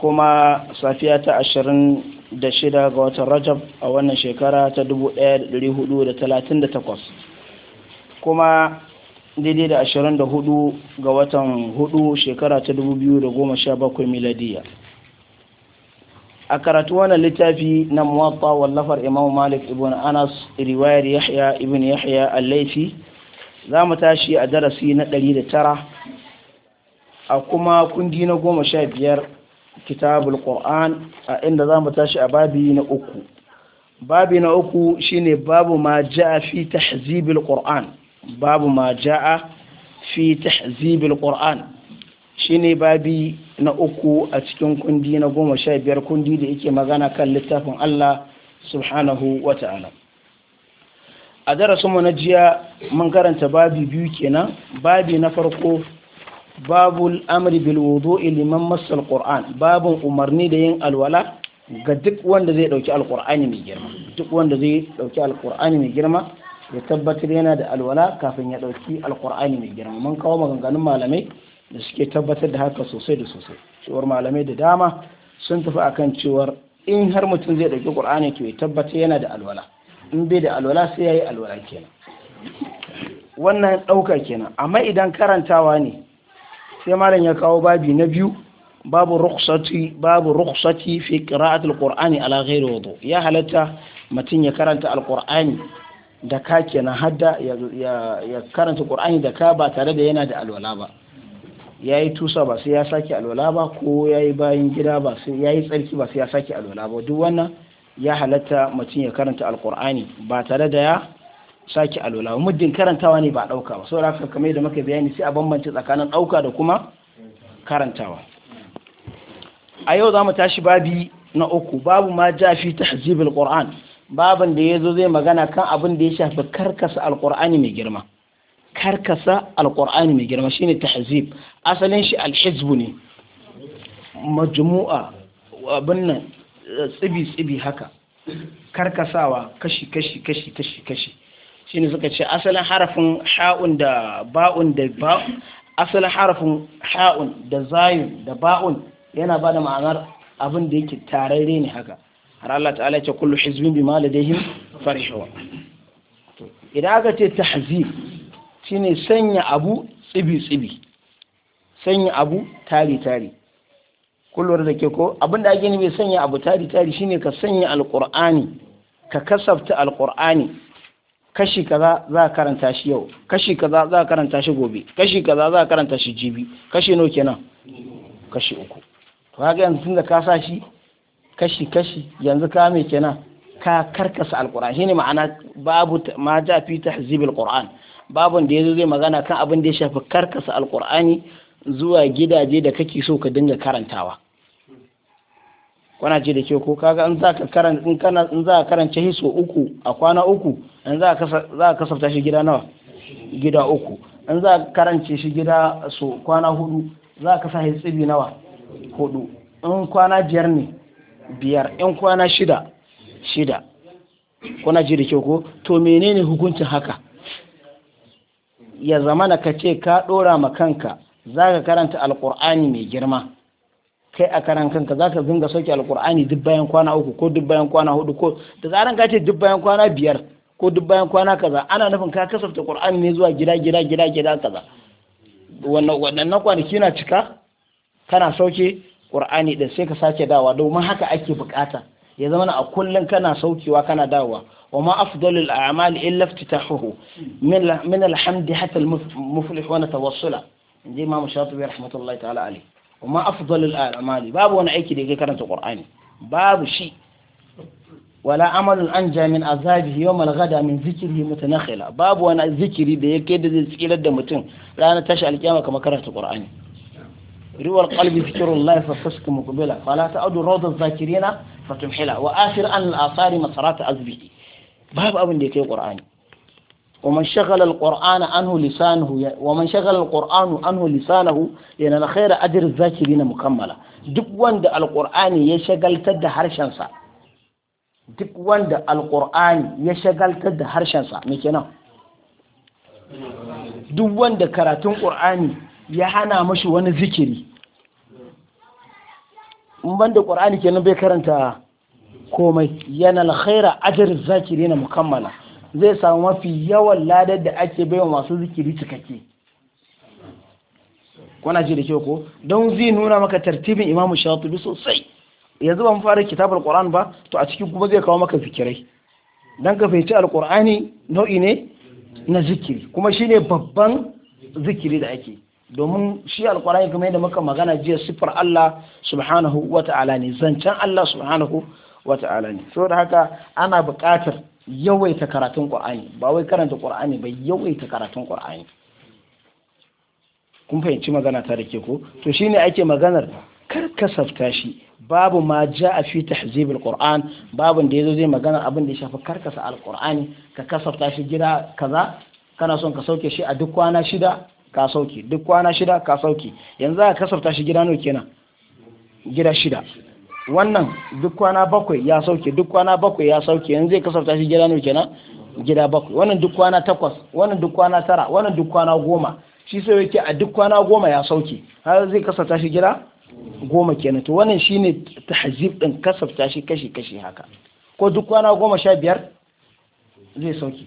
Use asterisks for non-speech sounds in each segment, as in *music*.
kuma safiya ta ashirin da shida ga watan rajab a wannan shekara ta dubu ɗaya da ɗari hudu da talatin da takwas kuma daidai da ashirin da hudu ga watan hudu shekara ta dubu biyu da goma sha bakwai miladiya a karatu wannan littafi na muwatta wallafar imam malik ibn anas riwayar yahya ibn yahya a laifi za mu tashi a darasi na ɗari da tara a kuma kundi na goma sha biyar kitabul qur'an a inda za mu tashi a babi na uku babi na uku shine babu ma ja'a fi tahzibil qur'an babu ma ja'a fi tahzibil qur'an shine babi na uku a cikin kundi na goma sha biyar kundi da yake magana kan littafin Allah subhanahu wa ta'ala a darasinmu na jiya mun karanta babi biyu kenan babi na farko babu amri bil ilimin liman massa quran babun umarni da yin alwala ga duk wanda zai dauki alqur'ani mai girma duk wanda zai dauki alqur'ani mai girma ya tabbatar yana da alwala kafin ya dauki alqur'ani mai girma mun kawo maganganun malamai da suke tabbatar da haka sosai da sosai cewar malamai da dama sun tafi akan cewar in har mutum zai dauki qur'ani to ya tabbata yana da alwala in bai da alwala sai yayi alwala kenan wannan dauka kenan amma idan karantawa ne sai malam ya kawo babi na biyu babu rukhsati babu rukhsati fi qira'ati alqur'ani ala ghairi wudu ya halatta mutum ya karanta alqur'ani da ka kenan hadda ya karanta qur'ani da ka ba tare da yana da alwala ba yayi tusa ba sai ya sake alwala ba ko yayi bayan gida ba sai yayi tsarki ba sai ya sake alwala ba duk wannan ya halatta mutum ya karanta alqur'ani ba tare da ya sake alwala muddin karantawa ne ba ɗauka ba saboda haka kamar da muka bayani sai a bambance tsakanin ɗauka da kuma karantawa a yau za mu tashi babi na uku babu ma ja fi tahzibul qur'an Baban da yazo zai magana kan abin da ya shafi karkasa alqur'ani mai girma karkasa alqur'ani mai girma shine tahzib asalin shi alhizbu ne majmu'a abin nan tsibi tsibi haka karkasawa kashi kashi kashi kashi kashi shine suka ce asalin harafin ha'un da ba'un da ba'un asalin harafin ha'un da zayun da ba'un yana ba da ma'anar abin da yake tararre ne haka har Allah ta'ala ya ce kullu hizbin bima ladaihim farihun idan aka ce tahzib shine sanya abu tsibi tsibi sanya abu tari tari kullum da ke ko abin da ake nufi sanya abu tari tari shine ka sanya alqur'ani ka kasafta alqur'ani kashi kaza za a karanta shi yau kashi kaza za a karanta shi gobe kashi kaza za a karanta shi jibi kashi n'o kenan kashi uku to kaga yanzu tunda ka sa shi kashi kashi yanzu ka me kenan ka karkasa alquran shine ma'ana babu ma ja fi tahzib qur'an babun da yazo zai magana kan abin da ya shafi karkasa alqur'ani zuwa gidaje da kake so ka dinga karantawa kwana ce da ke ko kaga in za ka karanta in kana in za ka karanta hiso uku a kwana uku in za a kasafta shi gida nawa gida uku in za a karance shi gida su kwana hudu za a kasa shi tsibi nawa hudu in kwana biyar ne biyar in kwana shida shida kuna ji da kyau ko to menene hukuncin haka ya zama na ka ce ka ɗora ma kanka za ka karanta alƙur'ani mai girma kai a karan kanka za ka zunga sauke alƙur'ani duk bayan kwana uku ko duk bayan kwana hudu ko da zaran ka ce duk bayan kwana biyar ko duk bayan kwana kaza ana nufin ka kasafta qur'ani ne zuwa gida gida gida gida kaza wannan waɗannan kwanaki na cika kana sauke qur'ani din sai ka sake dawa domin haka ake bukata ya zama a kullum kana saukewa kana dawa wa ma afdalul a'mal illa iftitahuhu min min alhamdi hatta almuflih wa natawassula inji imam shatibi rahmatullahi ta'ala alayhi wa afdalul a'mal babu wani aiki da yake karanta qur'ani babu shi wala amalun an jamin azabi yau malgada min zikiri mutanakhila babu wani zikiri da yake da zai tsirar da mutum ranar tashi alkiyama kamar karanta qur'ani riwar qalbi zikrullah fa fasku muqbila fala ta'udu rawda zakirina fatumhila wa akhir an al-asari masarat azbihi babu abin da yake qur'ani ومن شغل القرآن عنه لسانه ومن شغل القرآن عنه لسانه ينال خير أجر الذاكرين مكملة duk wanda alqur'ani ya shagaltar da harshensa duk wanda alƙur'ani ya shagaltar da harshensa me kenan duk wanda karatun ƙur'ani ya hana mashi wani zikiri in banda ƙur'ani kenan bai karanta komai yana alkhaira ajr zakiri na mukammala zai samu mafi yawan ladar da ake baiwa masu zikiri cikakke kuna ji da kyau ko don zai nuna maka tartibin imamu shatubi sosai yanzu ba mu fara kitabar Qur'an ba to a cikin kuma zai kawo maka fikirai. dan ka fahimci alqur'ani nau'i ne na zikiri kuma shine babban zikiri da ake domin shi alqur'ani kuma yadda muka magana jiya sifar Allah subhanahu wata'ala ne zancen Allah subhanahu wata'ala ne saboda haka ana buƙatar yawaita karatun Qur'ani ba wai karanta Qur'ani ba yawaita karatun Qur'ani kun fahimci magana ta da ke ko to shine ake maganar kar karkasafta shi babu ma a fi tahzib alquran babu da yazo zai magana abin da ya shafi karkasa alqurani ka kasafta shi gida kaza kana son ka sauke shi a duk kwana shida ka sauke duk kwana shida ka sauke yanzu ka kasafta shi gida nawa kenan gida shida wannan duk kwana bakwai ya sauke duk kwana bakwai ya sauke yanzu zai kasafta shi gida nawa kenan gida bakwai wannan duk kwana takwas wannan duk kwana tara wannan duk kwana goma shi sai yake a duk kwana goma ya sauke har zai kasafta shi gida goma kenan to wannan shine tahzib din kasafta shi kashi kashi haka ko duk kwana goma sha biyar zai sauki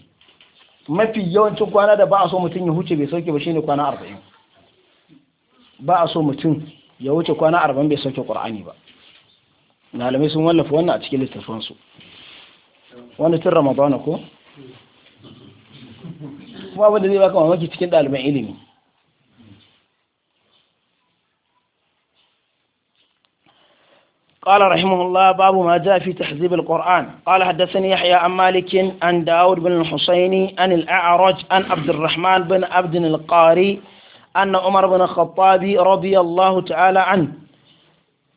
mafi yawancin kwana da ba a so mutum ya huce bai sauke ba shine kwana arba'in ba a so mutum ya wuce kwana arba'in bai sauke qur'ani ba malamai sun wallafa wannan a cikin littattafansu wani tun ramadana ko kuma abin da zai baka mamaki cikin ɗaliban ilimi قال رحمه الله باب ما جاء في تحذيب القرآن قال حدثني يحيى عن مالك عن داود بن الحسيني عن الأعرج عن عبد الرحمن بن عبد القاري أن عمر بن الخطاب رضي الله تعالى عنه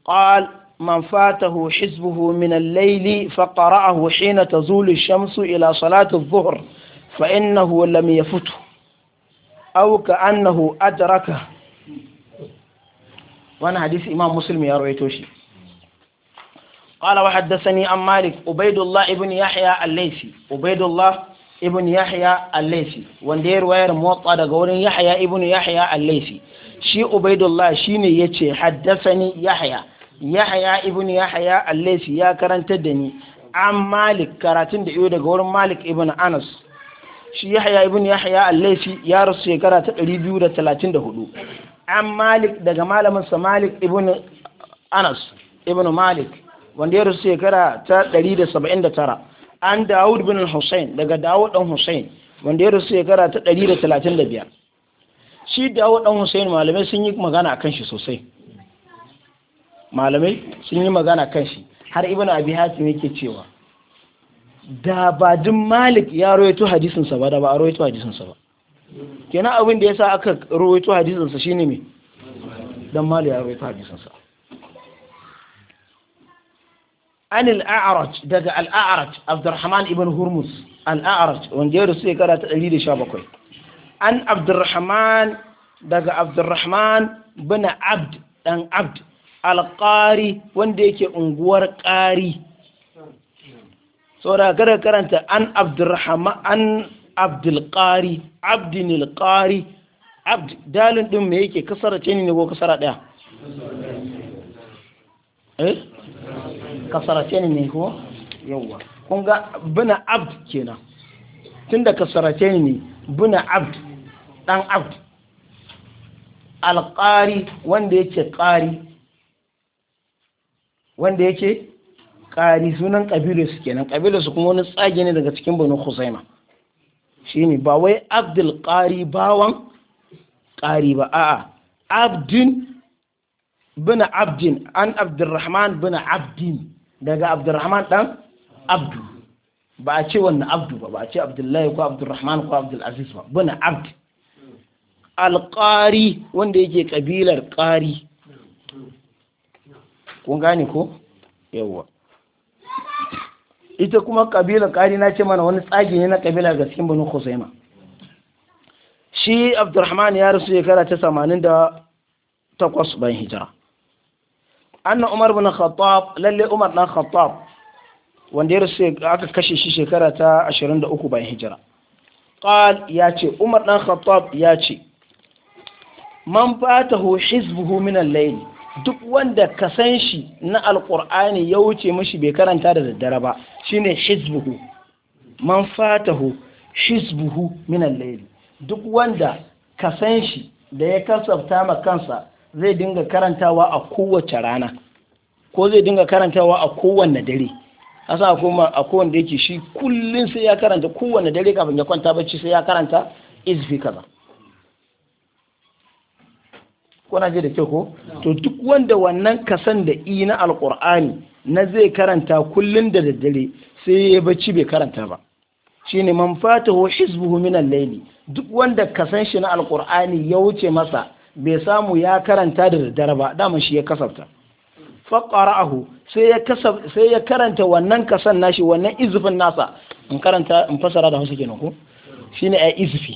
قال من فاته حزبه من الليل فقرأه حين تزول الشمس إلى صلاة الظهر فإنه لم يفته أو كأنه أدركه وأنا حديث إمام مسلم يا رويتوشي قال وحدثني عن مالك عبيد الله ابن يحيى الليثي عبيد الله ابن يحيى الليثي وندير وير موطا دغور يحيى ابن يحيى الليثي شي عبيد الله شيني يتي حدثني يحيى يحيى ابن يحيى الليثي يا كرنت دني عن مالك كراتين da يو daga wurin Malik ibn Anas shi Yahya ibn Yahya al-Laysi ya rasu 234 عن مالك daga malamin sa Malik ibn Anas ibn wanda ya rasu shekara ta 179 an Dawud bin Hussein daga Dawud dan Hussein wanda ya rasu shekara ta 135 shi Dawud dan Hussein malamai sun yi magana kan shi sosai malamai sun yi magana kan shi har ibn abi hatim yake cewa da ba din malik ya rawaito hadisin sa ba da ba a rawaito hadisin sa ba kenan abin da yasa aka rawaito hadisin sa shine me dan malik ya rawaito hadisin sa an al-a'raj daga al-a'raj Abdurrahman ibn Hurmuz al-a'raj wanda ya rasu shekara ta 117 an Abdurrahman daga Abdurrahman bin Abd dan Abd al-Qari wanda yake unguwar Qari saboda kada karanta an Abdurrahman an Abdul Qari Abdul Qari Abd dalin ɗin me yake kasara ce ne ko kasara daya eh kasarace ne ko yawa kun ga buna abd kenan tunda kasarace ne buna abd dan abd alqari wanda yake ƙari wanda yake ƙari sunan su kenan su kuma wani tsage ne daga cikin banu husaina shine ba wai abdul ƙari bawan ƙari ba a'a abdin bin abdin an abdurrahman bin abdin daga abdurrahman dan abdu ba a ce wannan abdu ba ba a ce abdullahi ko abdurrahman ko abdulaziz ba buna abd alƙari wanda yake ƙabilar ƙari kun gane ko yawwa ita kuma ƙabilar ƙari na ce mana wani tsage ne na ƙabilar cikin banu khuzaima shi abdurrahman ya rasu shekara ta 88 bayan hijira anna umar bin khattab lalle umar dan khattab wanda ya rasu aka kashe shi shekara ta 23 bayan hijira qal ya ce umar dan khattab ya ce man fatahu hizbuhu min al-layl duk wanda ka san shi na alqur'ani ya wuce mishi bai karanta da daddare ba shine hizbuhu man fatahu hizbuhu min al-layl duk wanda ka san shi da ya kasafta ma kansa zai dinga karantawa a kowace rana ko zai dinga karantawa a kowanne dare asa kuma a kowanne yake shi kullun sai ya karanta kowanne dare kafin ya kwanta bacci sai ya karanta izfi kaza kuna je da kyau ko to duk wanda wannan kasan da i na alqur'ani na zai karanta kullun da daddare sai ya bacci bai karanta ba shine man fatahu hizbuhu min al-layli duk wanda kasan shi na alqur'ani ya wuce masa bai samu ya karanta da daddare ba dama shi ya kasafta faqara'ahu sai ya kasab sai ya karanta wannan kasan nashi wannan izufin nasa in karanta in fasara da Hausa kenan ko shine ai izufi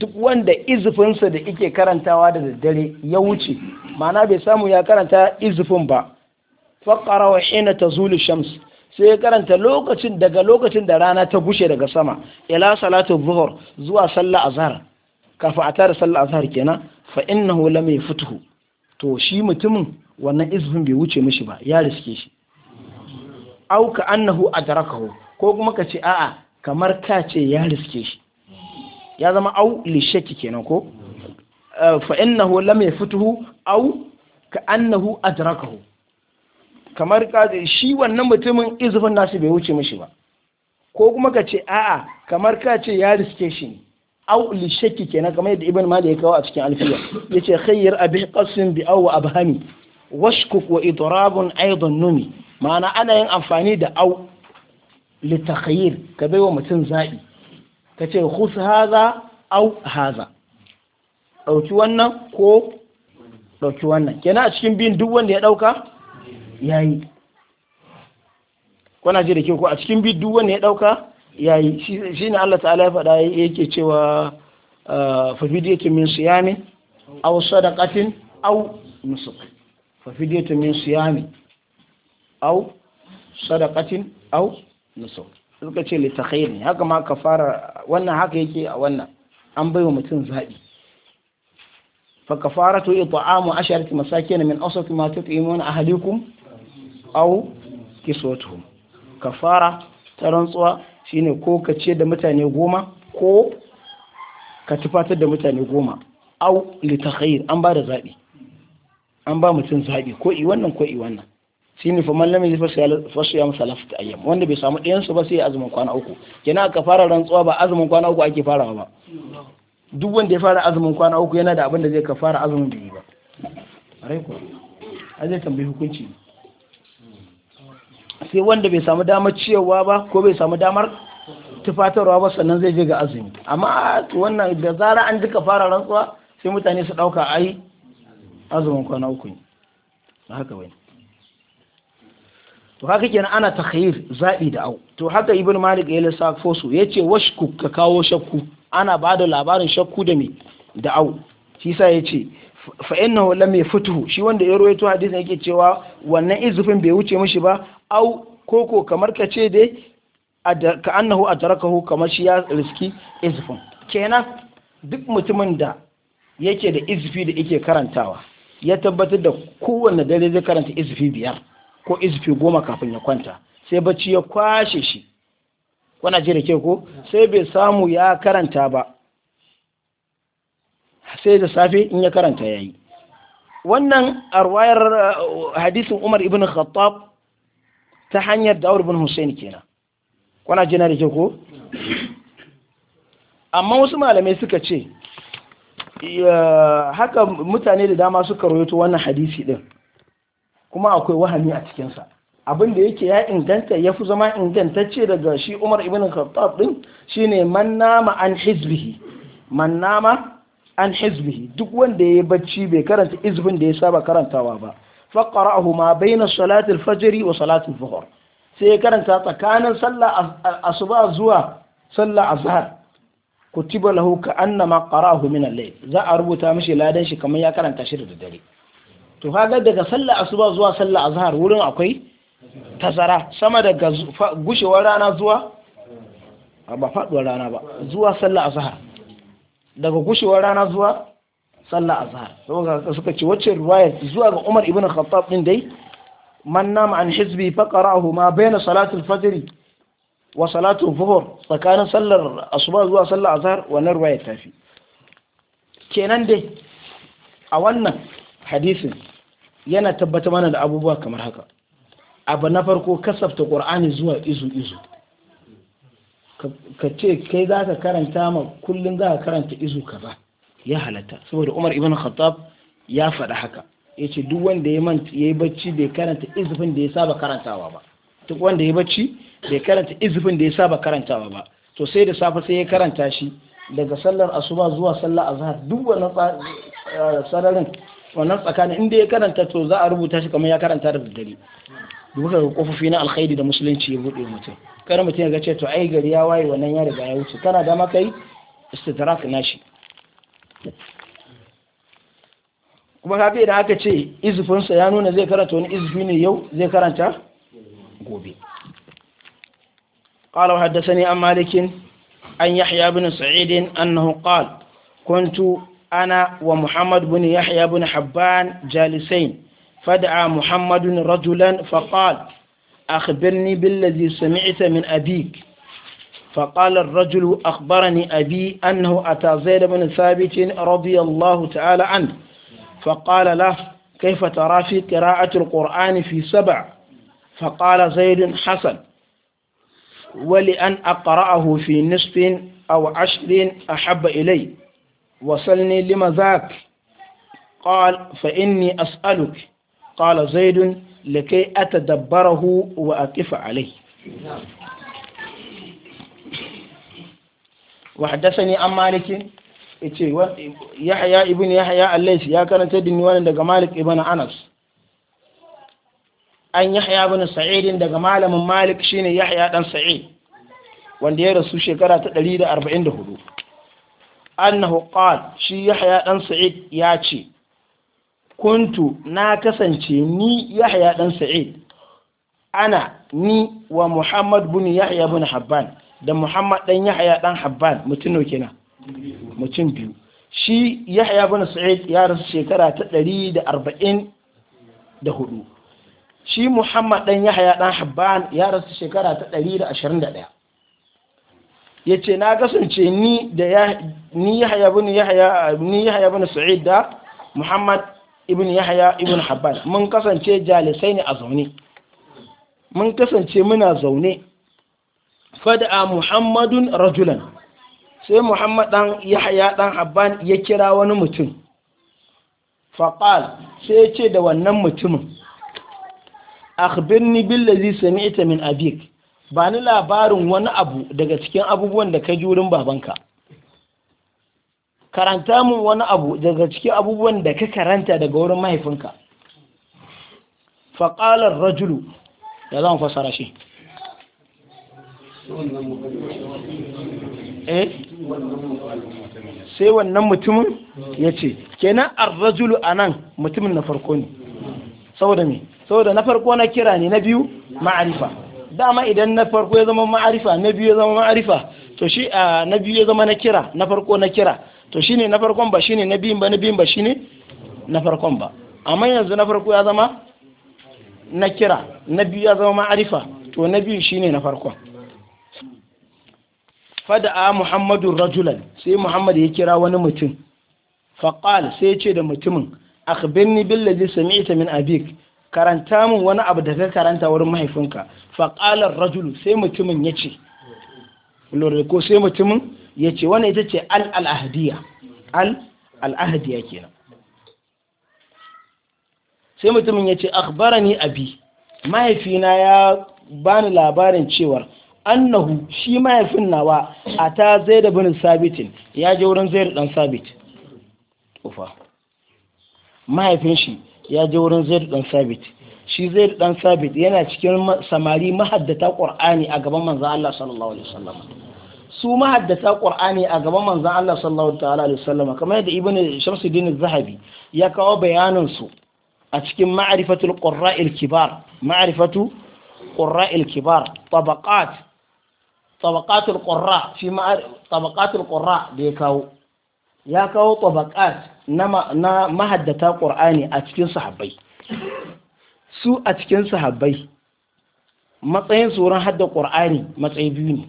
duk wanda izufinsa da ike karantawa da daddare ya wuce ma'ana bai samu ya karanta izufin ba faqara wa hina tazulu shams sai ya karanta lokacin daga lokacin da rana ta gushe daga sama ila salatu zuhur zuwa sallah azhar kafa a tare sallah azhar kenan fa innahu lam yafutuhu to shi mutumin wannan izfin bai wuce mishi ba ya riske shi au ka annahu adrakahu ko kuma ka ce a'a kamar ka ce ya riske shi ya zama au lishaki kenan ko eh, fa innahu lam yafutuhu au ka annahu adrakahu kamar ka shi wannan mutumin izfin nasu bai wuce mishi ba ko kuma ka ce a'a kamar ka ce ya riske shi ne au li shakki kenan kamar yadda ibn malik ya kawo a cikin alfiya yace khayyir abi qasim bi aw abhami washkuk wa idrabun aidan numi ma'ana ana yin amfani da au li takhayyir ka baiwa mutum zabi kace khus haza au haza dauki wannan ko dauki wannan kenan a cikin bin duk wanda ya dauka yayi kuna ji da ke ko a cikin bi duk wanda ya dauka yayi shi ne Allah ta'ala ya faɗa yake cewa ah, fafidiyatun min siyami aw sadaqatin aw nusuk fafidiyatun min siyami aw sadaqatin aw nusuk suka ce li ne haka ma kafara wannan haka yake a wannan an baiwa mutum zabi fa kafaratu it'amu asharati masakin min awsat ma tut'imuna ahlikum aw kiswatuhum kafara ta rantsuwa shine ko ka ce da mutane goma ko ka tufatar da mutane goma au litakhayir an ba da zaɓi an ba mutum zaɓi ko i wannan ko i wannan shine fa man lam yajid fa siyam salafat ayyam wanda bai samu ɗayansu ba sai azumin kwana uku Kina aka fara rantsuwa ba azumin kwana uku ake farawa ba duk wanda ya fara azumin kwana uku yana da abin da zai ka fara azumin da yi ba rai ko a zai tambayi hukunci ne sai wanda bai samu damar ciyarwa ba ko bai samu damar tufatarwa ba sannan zai je ga azumi amma wannan da zara an jika fara rantsuwa sai mutane su ɗauka ai azumin kwana uku ne haka bane to haka kenan ana takhayyir zabi da au to haka ibn malik ya lissafo su yace washku ka kawo shakku ana bada labarin shakku da me da au shi sa yace fa innahu lam yafutuhu shi wanda ya rawaito hadisin yake cewa wannan izufin bai wuce mishi ba au koko kamar ka ce dai ka annahu atarakahu kamar shi ya riski izufin kenan duk mutumin da yake da izufi da yake karantawa ya tabbatar da kowanne dare zai karanta izufi biyar ko izufi goma kafin ya kwanta sai bacci ya kwashe shi kuna ji da ke ko sai bai samu ya karanta ba sai da safe in ya karanta yayi wannan arwayar uh, hadisin Umar ibn Khattab ta hanyar Dawud ibn Hussein kenan kuna jina da ko amma wasu malamai suka ce haka mutane da dama suka rawaito wannan hadisi din kuma akwai wahami a cikinsa abin da yake ya inganta ya fi zama ingantacce daga shi umar ibn khattab din shine man nama an hizbihi man nama an hizbihi duk wanda ya yi bacci bai karanta izbin da ya saba karantawa ba faqara'ahu ma baina salati al-fajr wa salati al-dhuhr sai ya karanta tsakanin sallah asuba zuwa sallah azhar kutiba lahu ka annama qara'ahu min al-layl za a rubuta mishi ladan shi kamar ya karanta shi da dare to kaga daga sallah asuba zuwa sallah azhar wurin akwai tazara sama daga gushewar rana zuwa ba faduwar rana ba zuwa sallah azhar daga gushewar rana zuwa sallah azhar saboda suka ce wacce riwayar zuwa ga Umar ibn Khattab din dai man nama an hizbi faqarahu ma bayna salatul fajr wa salatul zuhur tsakanin sallar asuba zuwa sallar azhar wannan riwayar tafi kenan dai a wannan hadisin yana tabbata mana da abubuwa kamar haka abu na farko kasafta qur'ani zuwa izu izu ka ce kai za ka karanta ma kullum za ka karanta izu ba. ya halatta saboda umar ibn khattab ya faɗa haka ya ce duk wanda ya yi bacci bai karanta izufin da ya saba karantawa ba duk wanda ya bacci bai karanta izufin da ya saba karantawa ba to sai da safe sai ya karanta shi daga sallar asuba zuwa sallar azhar duk wannan eh, sararin wannan tsakanin inda ya karanta to za a rubuta shi kamar ya karanta da daddare da kofofi na alkhairi da musulunci ya buɗe mutum kar mutum ya ga ce to ai gari ya waye wannan ya riga ya wuce kana da kai istidrak nashi kuma kafi idan aka ce izufinsa ya nuna zai karanta wani izufi ne yau zai karanta gobe قال وحدثني عن مالك عن يحيى بن سعيد أنه قال كنت أنا ومحمد بن يحيى بن حبان جالسين فدعا محمد رجلا فقال أخبرني بالذي سمعت من أبيك فقال الرجل أخبرني أبي أنه أتى زيد بن ثابت رضي الله تعالى عنه فقال له كيف ترى في قراءة القرآن في سبع فقال زيد حسن ولأن أقرأه في نصف أو عشر أحب إلي وصلني لمذاك قال فإني أسألك قال زيد lakai atadabbarahu wa aqifa alai wa haddathani an malikin yace yahya ibn yahya al ya karanta dinni wannan daga malik ibn anas an yahya ibn sa'id daga malamin malik shine yahya dan sa'id wanda ya rasu shekara ta ɗari da 144 annahu qala shi yahya ɗan sa'id ya ce kuntu na kasance ni yahya dan sa'id ana ni wa muhammad bin yahya bin habban da muhammad dan yahya dan habban mutum ne kenan mutum biyu shi yahya bin sa'id ya rasu shekara ta 144 shi muhammad dan yahya dan habban ya rasu shekara ta 121 yace na kasance ni da ni yahya bin yahya ni yahya bin sa'id da muhammad ibn yahya ibn habban mun kasance jalisai ne a zaune mun kasance muna zaune fada muhammadun rajulan sai muhammad dan yahya dan habban ya kira wani mutum faqal sai ya ce da wannan mutumin akhbirni billazi sami'ta min abik bani labarin wani abu daga cikin abubuwan da ka ji wurin babanka karanta mun wani abu daga cikin abubuwan da ka karanta daga wurin mahaifinka faƙalar rajulu da zan fasara shi eh? sai wannan mutumin ya ce kenan arrajulu a nan mutumin na farko ne saboda me saboda na farko na kira ne na biyu ma'arifa dama idan na farko ya zama ma'arifa na biyu ya zama ma'arifa to shi a ah, na biyu ya zama na kira na farko na kira to shine na farkon ba shine na biyun ba na biyun ba shine na farkon ba amma yanzu na farko ya zama na kira na biyu ya zama ma'arifa to na biyu shine na farkon fada'a muhammadun rajulan sai muhammad ya kira wani mutum faqal sai ya ce da mutumin akhbirni billazi sami'ta min abik karanta min wani abu da ka karanta wurin mahaifinka faqala rajulu sai mutumin ya ce ko sai mutumin ya ce ita ce al-al'ahdiya al-al'ahdiya kenan sai mutumin ya ce a abi mahaifina ya bani labarin cewar annahu shi mahaifin nawa a ta zai da binin sabitin ya je wurin zai dan sabit ufa mahaifin shi ya je wurin zai dan sabit shi zai dan sabit yana cikin samari mahaddata ƙur'ani a gaban manzo Allah sallallahu alaihi wasallam su mahaddasa qur'ani a gaban manzon Allah sallallahu ta'ala alaihi wasallam kamar yadda ibnu shamsuddin zahabi ya kawo bayanin su a cikin ma'rifatul qurra'il kibar ma'rifatu qurra'il kibar tabaqat tabaqatul qurra fi tabaqatul qurra da ya kawo ya kawo tabaqat na mahaddata qur'ani a cikin sahabbai su a cikin sahabbai matsayin tsoron hadda ƙur'ani matsayi biyu ne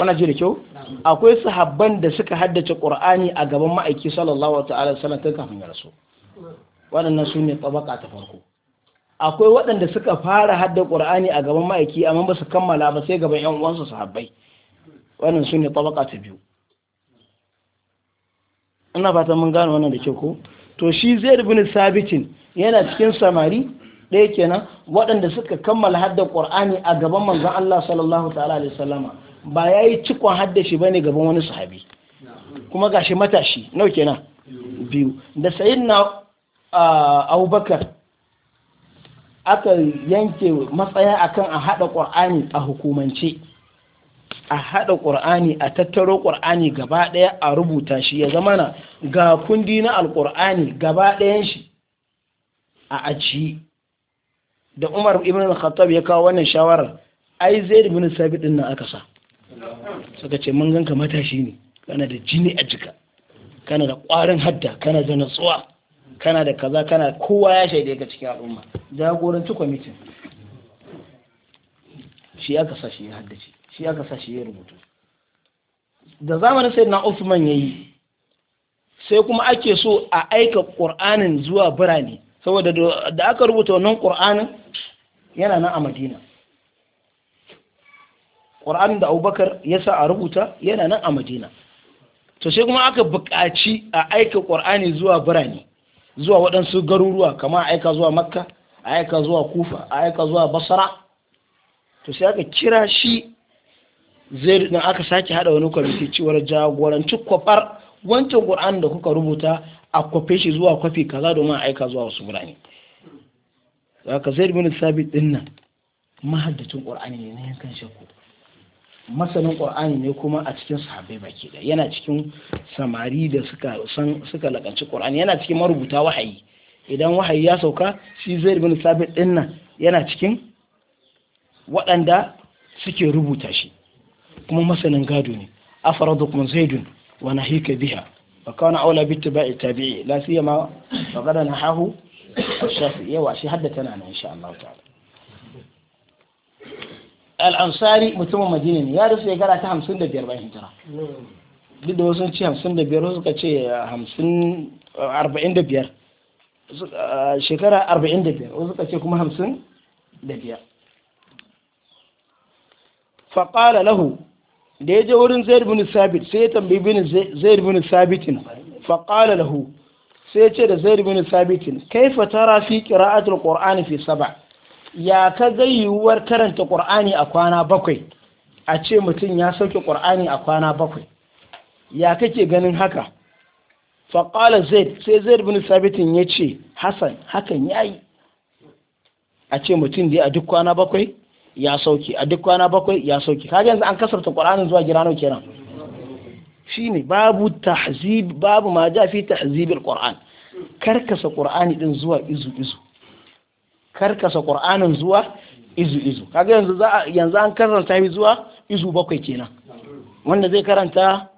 wannan ji da kyau akwai sahabban da suka haddace qur'ani a gaban ma'aiki sallallahu alaihi wa sallam tun kafin ya rasu waɗannan su ne tabaka ta farko akwai waɗanda suka fara haddace qur'ani a gaban ma'aiki amma ba su kammala ba sai gaban yan uwansu sahabbai wannan su ne tabaka ta biyu ina fatan mun gane wannan da kyau ko to shi zaid bin sabitin yana cikin samari ɗaya kenan waɗanda suka kammala haddace qur'ani a gaban manzon Allah sallallahu ta'ala alaihi Sallama. ba ya yi cikon haddashi ba ne gaban wani sahabi kuma gashi matashi nau kenan biyu da sayin na abubakar aka yanke matsaya akan a haɗa ƙwar'ani a hukumance a haɗa ƙur'ani a tattaro ƙur'ani gaba ɗaya a rubuta shi ya zama na ga kundi na alƙur'ani gaba ɗayan shi a ajiyi da umar ibn al-khattab ya kawo wannan shawarar ai zai ibn sabit ɗin nan aka sa suka ce mun ganka matashi ne kana da jini a jika kana da ƙwarin hadda kana da natsuwa kana da kaza kana kowa ya shaide ka cikin al'umma jagoranci kwamitin shi aka sa shi ya haddace shi aka sa shi ya rubutu da zamanin sai na Uthman yayi sai kuma ake so a aika Qur'anin zuwa birane saboda da aka rubuta wannan Qur'anin yana nan a Madina ƙur'anin da abubakar ya sa a rubuta yana nan a madina to sai kuma aka buƙaci a aika ƙur'ani zuwa birane zuwa waɗansu garuruwa kama a aika zuwa makka a aika zuwa kufa a aika zuwa basara to sai aka kira shi zai dan aka sake haɗa wani kwamiti cewar jagoranci kwafar wancan ƙur'anin da kuka rubuta a kwafe shi zuwa kwafi kaza domin a aika zuwa wasu birane zaka zaid bin sabit din nan mahaddacin qur'ani ne na yankan shakku masanin qur'ani ne kuma a cikin sahabbai baki da yana cikin samari da suka san suka lakanci qur'ani yana cikin marubuta wahayi idan wahayi ya sauka shi zai bin sabit ɗin nan yana cikin waɗanda suke rubuta shi kuma masanin gado ne afaradukum zaidun wa biya. Ba kawo na aula bi lafiya ma ba ma na hahu a shafi. yawa shi tana insha Allah ta'ala al'ansari mutumin madina ne ya rasu shekara ta hamsin da biyar bayan hijira duk da wasu ce hamsin da biyar suka ce eh, hamsin eh, arba'in da biyar eh, shekara arba'in da biyar wasu ce kuma hamsin da biyar faƙala lahu da ya je wurin zaid bin sabit sai ya tambayi bin zaid bin sabitin faƙala lahu sai ya ce da zaid bin sabitin kaifa tara fi qira'atul qur'ani fi saba' ya ka zai yiwuwar karanta ƙur'ani a kwana bakwai a ce mutum ya sauke ƙur'ani a kwana bakwai ya kake ganin haka faƙala zaid sai zai bin sabitin ya ce hassan hakan ya yi a ce mutum dai a duk kwana bakwai ya sauke a duk kwana bakwai ya sauke kaga yanzu an kasarta ƙur'anin zuwa gida nau kenan shine babu tahzib babu ma ja fi tahzibil qur'an karkasa ƙur'ani ɗin zuwa izu izu karkasa qur'anin zuwa izu izu kaga yanzu za yanzu an karanta yi zuwa izu bakwai kenan wanda zai karanta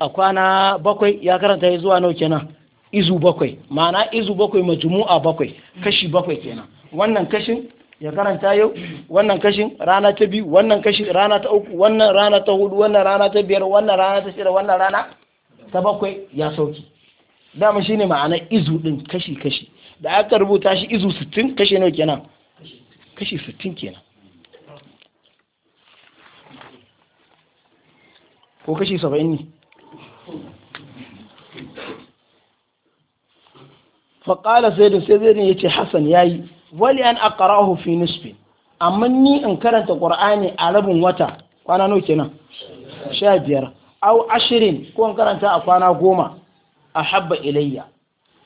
a kwana bakwai ya karanta yi zuwa nau kenan izu bakwai ma'ana izu bakwai majmu'a bakwai kashi bakwai kenan wannan kashin ya karanta yau wannan kashin rana ta biyu wannan kashi rana ta uku wannan rana ta hudu wannan rana ta biyar wannan rana ta shida wannan rana ta bakwai ya sauki dama shine ma'ana izu din kashi kashi da aka rubuta shi izu 60 kashe nawa kenan kashe 60 kenan ko kashe 70 ne fa zaidun sai zaidun ya ce hassan ya yi wali an aqarahu fi nisfi amma ni in karanta qur'ani a rabin wata kwana nawa kenan 15 biyar au ashirin ko in karanta a kwana goma a habba ilayya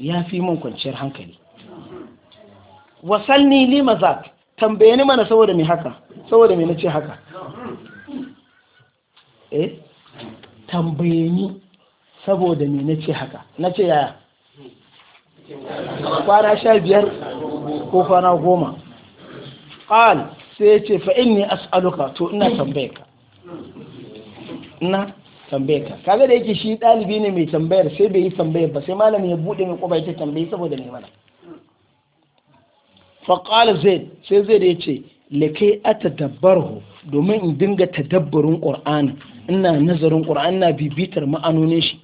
ya fi min kwanciyar hankali wasalni lima za tambaye ni mana saboda mai haka saboda mai nace haka eh tambaye ni saboda mai nace haka nace yaya kwana sha biyar ko kwana goma qal sai ya ce fa inni as'aluka to ina tambaye ka ina tambaye ka kaga da yake shi ɗalibi ne mai tambayar sai bai yi tambayar ba sai malami ya buɗe mai ƙofa tambayi saboda mai mana faƙalar zaid sai zai da ya ce lakai a tadabbarhu domin in dinga tadabbarin ƙur'ani ina nazarin ƙur'ani na bibitar ma'anonin shi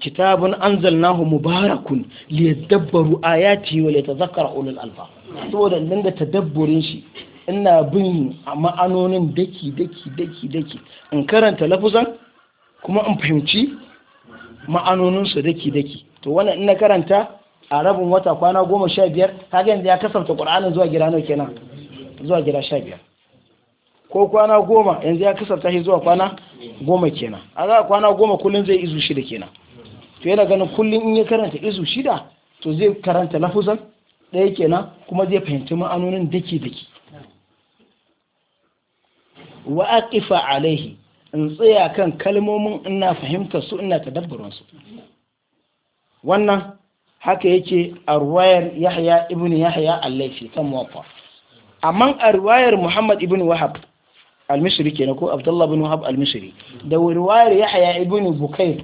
kitabun anzalnahu mubarakun liyadabbaru ayati wa liyatazakkara ulul alba saboda in dinga tadabburin shi ina bin ma'anonin daki daki daki daki in karanta lafuzan kuma in fahimci su daki daki to wannan ina karanta a rabin wata kwana goma sha biyar kaga yanzu ya kasafta ƙur'anin zuwa gida nawa kenan zuwa gida sha biyar ko kwana goma yanzu ya kasafta shi zuwa kwana goma kenan a za kwana goma kullum zai izu shida kenan to yana ganin kullum in ya karanta izu shida to zai karanta lafuzan ɗaya kenan kuma zai fahimci ma'anonin daki daki wa aqifa alaihi in tsaya kan kalmomin ina fahimtar su ina tadabburin su wannan haka yake a ruwayar yahya ibn yahya al-laifi kan muwaffa amma a ruwayar muhammad ibn wahab al-misri kenan ko abdullah ibn wahab al-misri da ruwayar yahya ibn bukair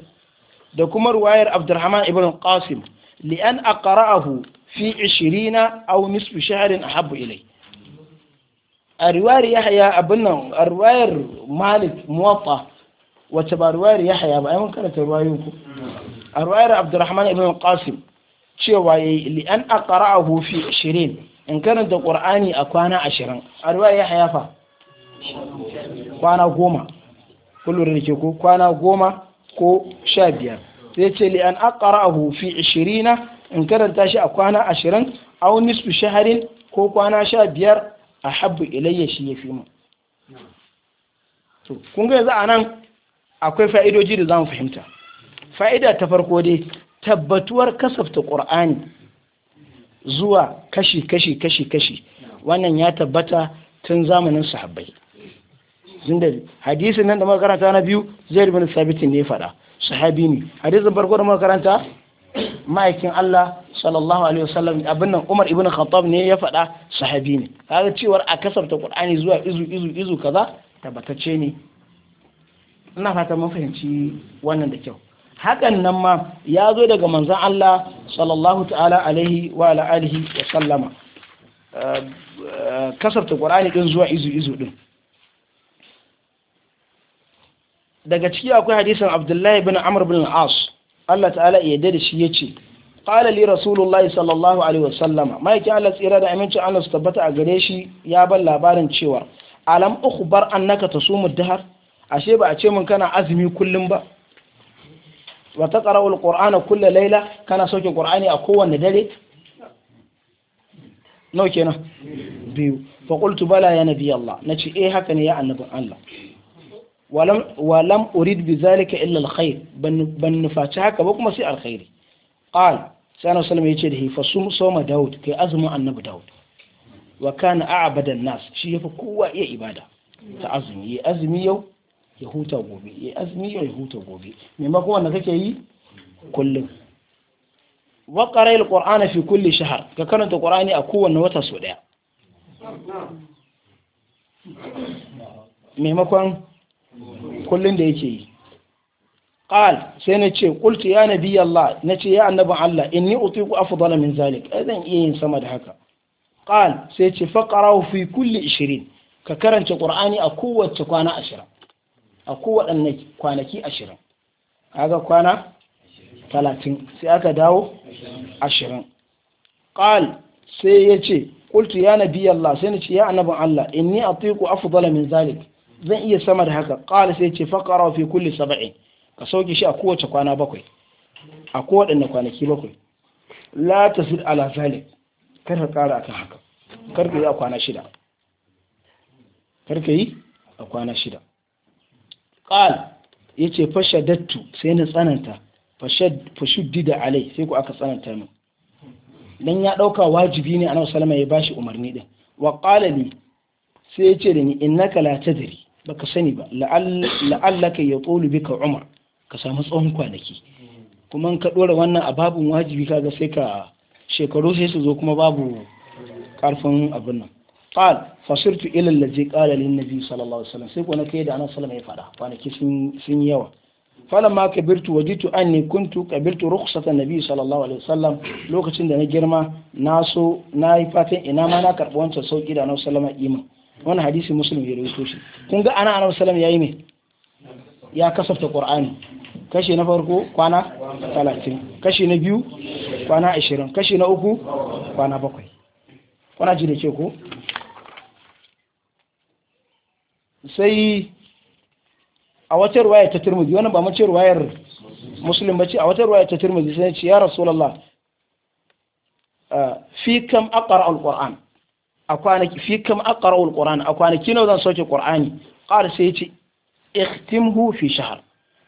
da kuma ruwayar abdurrahman ibn qasim li'an aqra'ahu fi 20 aw nisf shahrin ahabbu ilay a ruwayar yahya abin nan a ruwayar malik muwaffa wacce ba ruwayar yahya ba ai mun karanta ruwayoyin ku a ruwayar abdurrahman ibn qasim cewa li'an a an a hufi shirin in karanta qur'ani a kwana ashirin. a ruwa ya hayafa kwana goma kullum da ke ko kwana goma ko sha biyar zai ce a an a hufi shirin in karanta shi a kwana ashirin a wani su shaharin ko kwana sha biyar a habbu ilayya shi fi mu kun ga yanzu anan akwai fa'idoji da mu fahimta fa'ida ta farko dai tabbatuwar kasafta ƙur'ani zuwa kashi kashi kashi kashi wannan ya tabbata tun zamanin sahabbai zinda hadisin nan da makaranta na biyu zai rubin sabitin ne fada, sahabi ne hadisin farko da makaranta ma'aikin Allah sallallahu alaihi wasallam abin nan Umar ibn Khattab ne ya fada sahabi ne kaga cewar a kasafta Qur'ani zuwa izu izu izu kaza tabbatacce ne ina fata mun fahimci wannan da kyau hakan nan ma ya zo daga manzon Allah sallallahu ta'ala alaihi wa ala wa sallama uh, uh, kasarta qur'ani ɗin zuwa izu izu ɗin. daga ciki akwai hadisin Abdullahi bin Amur bin As Allah ta'ala ya da shi yace qala li rasulullahi sallallahu alaihi wa sallama mai Allah tsira da aminci Allah su tabbata a gare shi ya ban labarin cewa alam uku bar annaka tasumu dahar ashe ba a ce min kana azumi kullum ba wa taqra'u al-qur'ana kulla layla kana sauke ƙur'ani a kowanne dare nau kenan biyu fa bala ya nabi Allah nace eh haka ne ya annabin Allah walam urid bi zalika illa alkhair ban nufaci haka ba kuma sai alkhairi qal sai annabi yace da hi fa sum soma daud kai azumin annabi daud wa kana a'bada nas shi yafi kowa iya ibada ta azumi azumi yau ya huta gobe ya azumi ya huta gobe maimakon wanda kake yi kullum wa qara'il qur'ana fi kulli shahr ka karanta qur'ani a kowanne wata so daya maimakon kullum da yake yi qal sai na ce qultu ya nabi Allah na ce ya annabi Allah inni utiqu afdala min zalik idan iya yin sama da haka qal sai ce faqarahu fi kulli 20 ka karanta qur'ani a kowace kwana 20 a kowaɗanne kwanaki ashirin kaga kwana talatin sai aka dawo ashirin ƙal sai ya ce ƙultu ya nabi Allah sai na ce ya annabin Allah a tuku afu afdala min zalik zan iya sama da haka ƙal sai ya ce faqara fi kulli saba'in. ka sauke shi a kowace kwana bakwai a kowaɗanne kwanaki bakwai la tasir ala zalik kar ka ƙara haka yi a kwana shida kar ka yi a kwana shida qal yace fashadattu sai na tsananta fashuddida alai sai ku aka tsananta min dan ya dauka wajibi ne annabi sallama ya bashi umarni din wa qala li sai yace da ni innaka la tadri baka sani ba la'allaka yatulu bika umar ka samu tsawon kwanaki kuma ka dora wannan a babun wajibi kaga sai ka shekaru sai su zo kuma babu karfin abin nan قال فصرت الى الذي قال للنبي صلى الله عليه وسلم sai kuma kai da annabi sallallahu ya fada kwanaki sun sun yawa falamma kabirtu wajitu anni kuntu kabirtu rukhsatan nabi sallallahu alaihi lokacin da na girma na yi fatan ina ma na karɓi wancan sauki da annabi sallallahu alaihi wasallam wannan hadisi muslim ya rawaito shi kun ga ana annabi sallallahu alaihi wasallam yayi ya kasafta qur'ani kashi na farko kwana 30 kashi na biyu kwana 20 kashi na uku kwana 7 kwana ji da ke ko sai a wata ruwaya ta turmuzi wannan ba mace ruwayar ba bace a wata ruwaya ta turmuzi sai ce ya rasulallah fi kam aqra alquran a kwanaki fi kam aqra alquran a kwanaki nawa zan sauke qur'ani qala sai ce ihtimhu fi shahr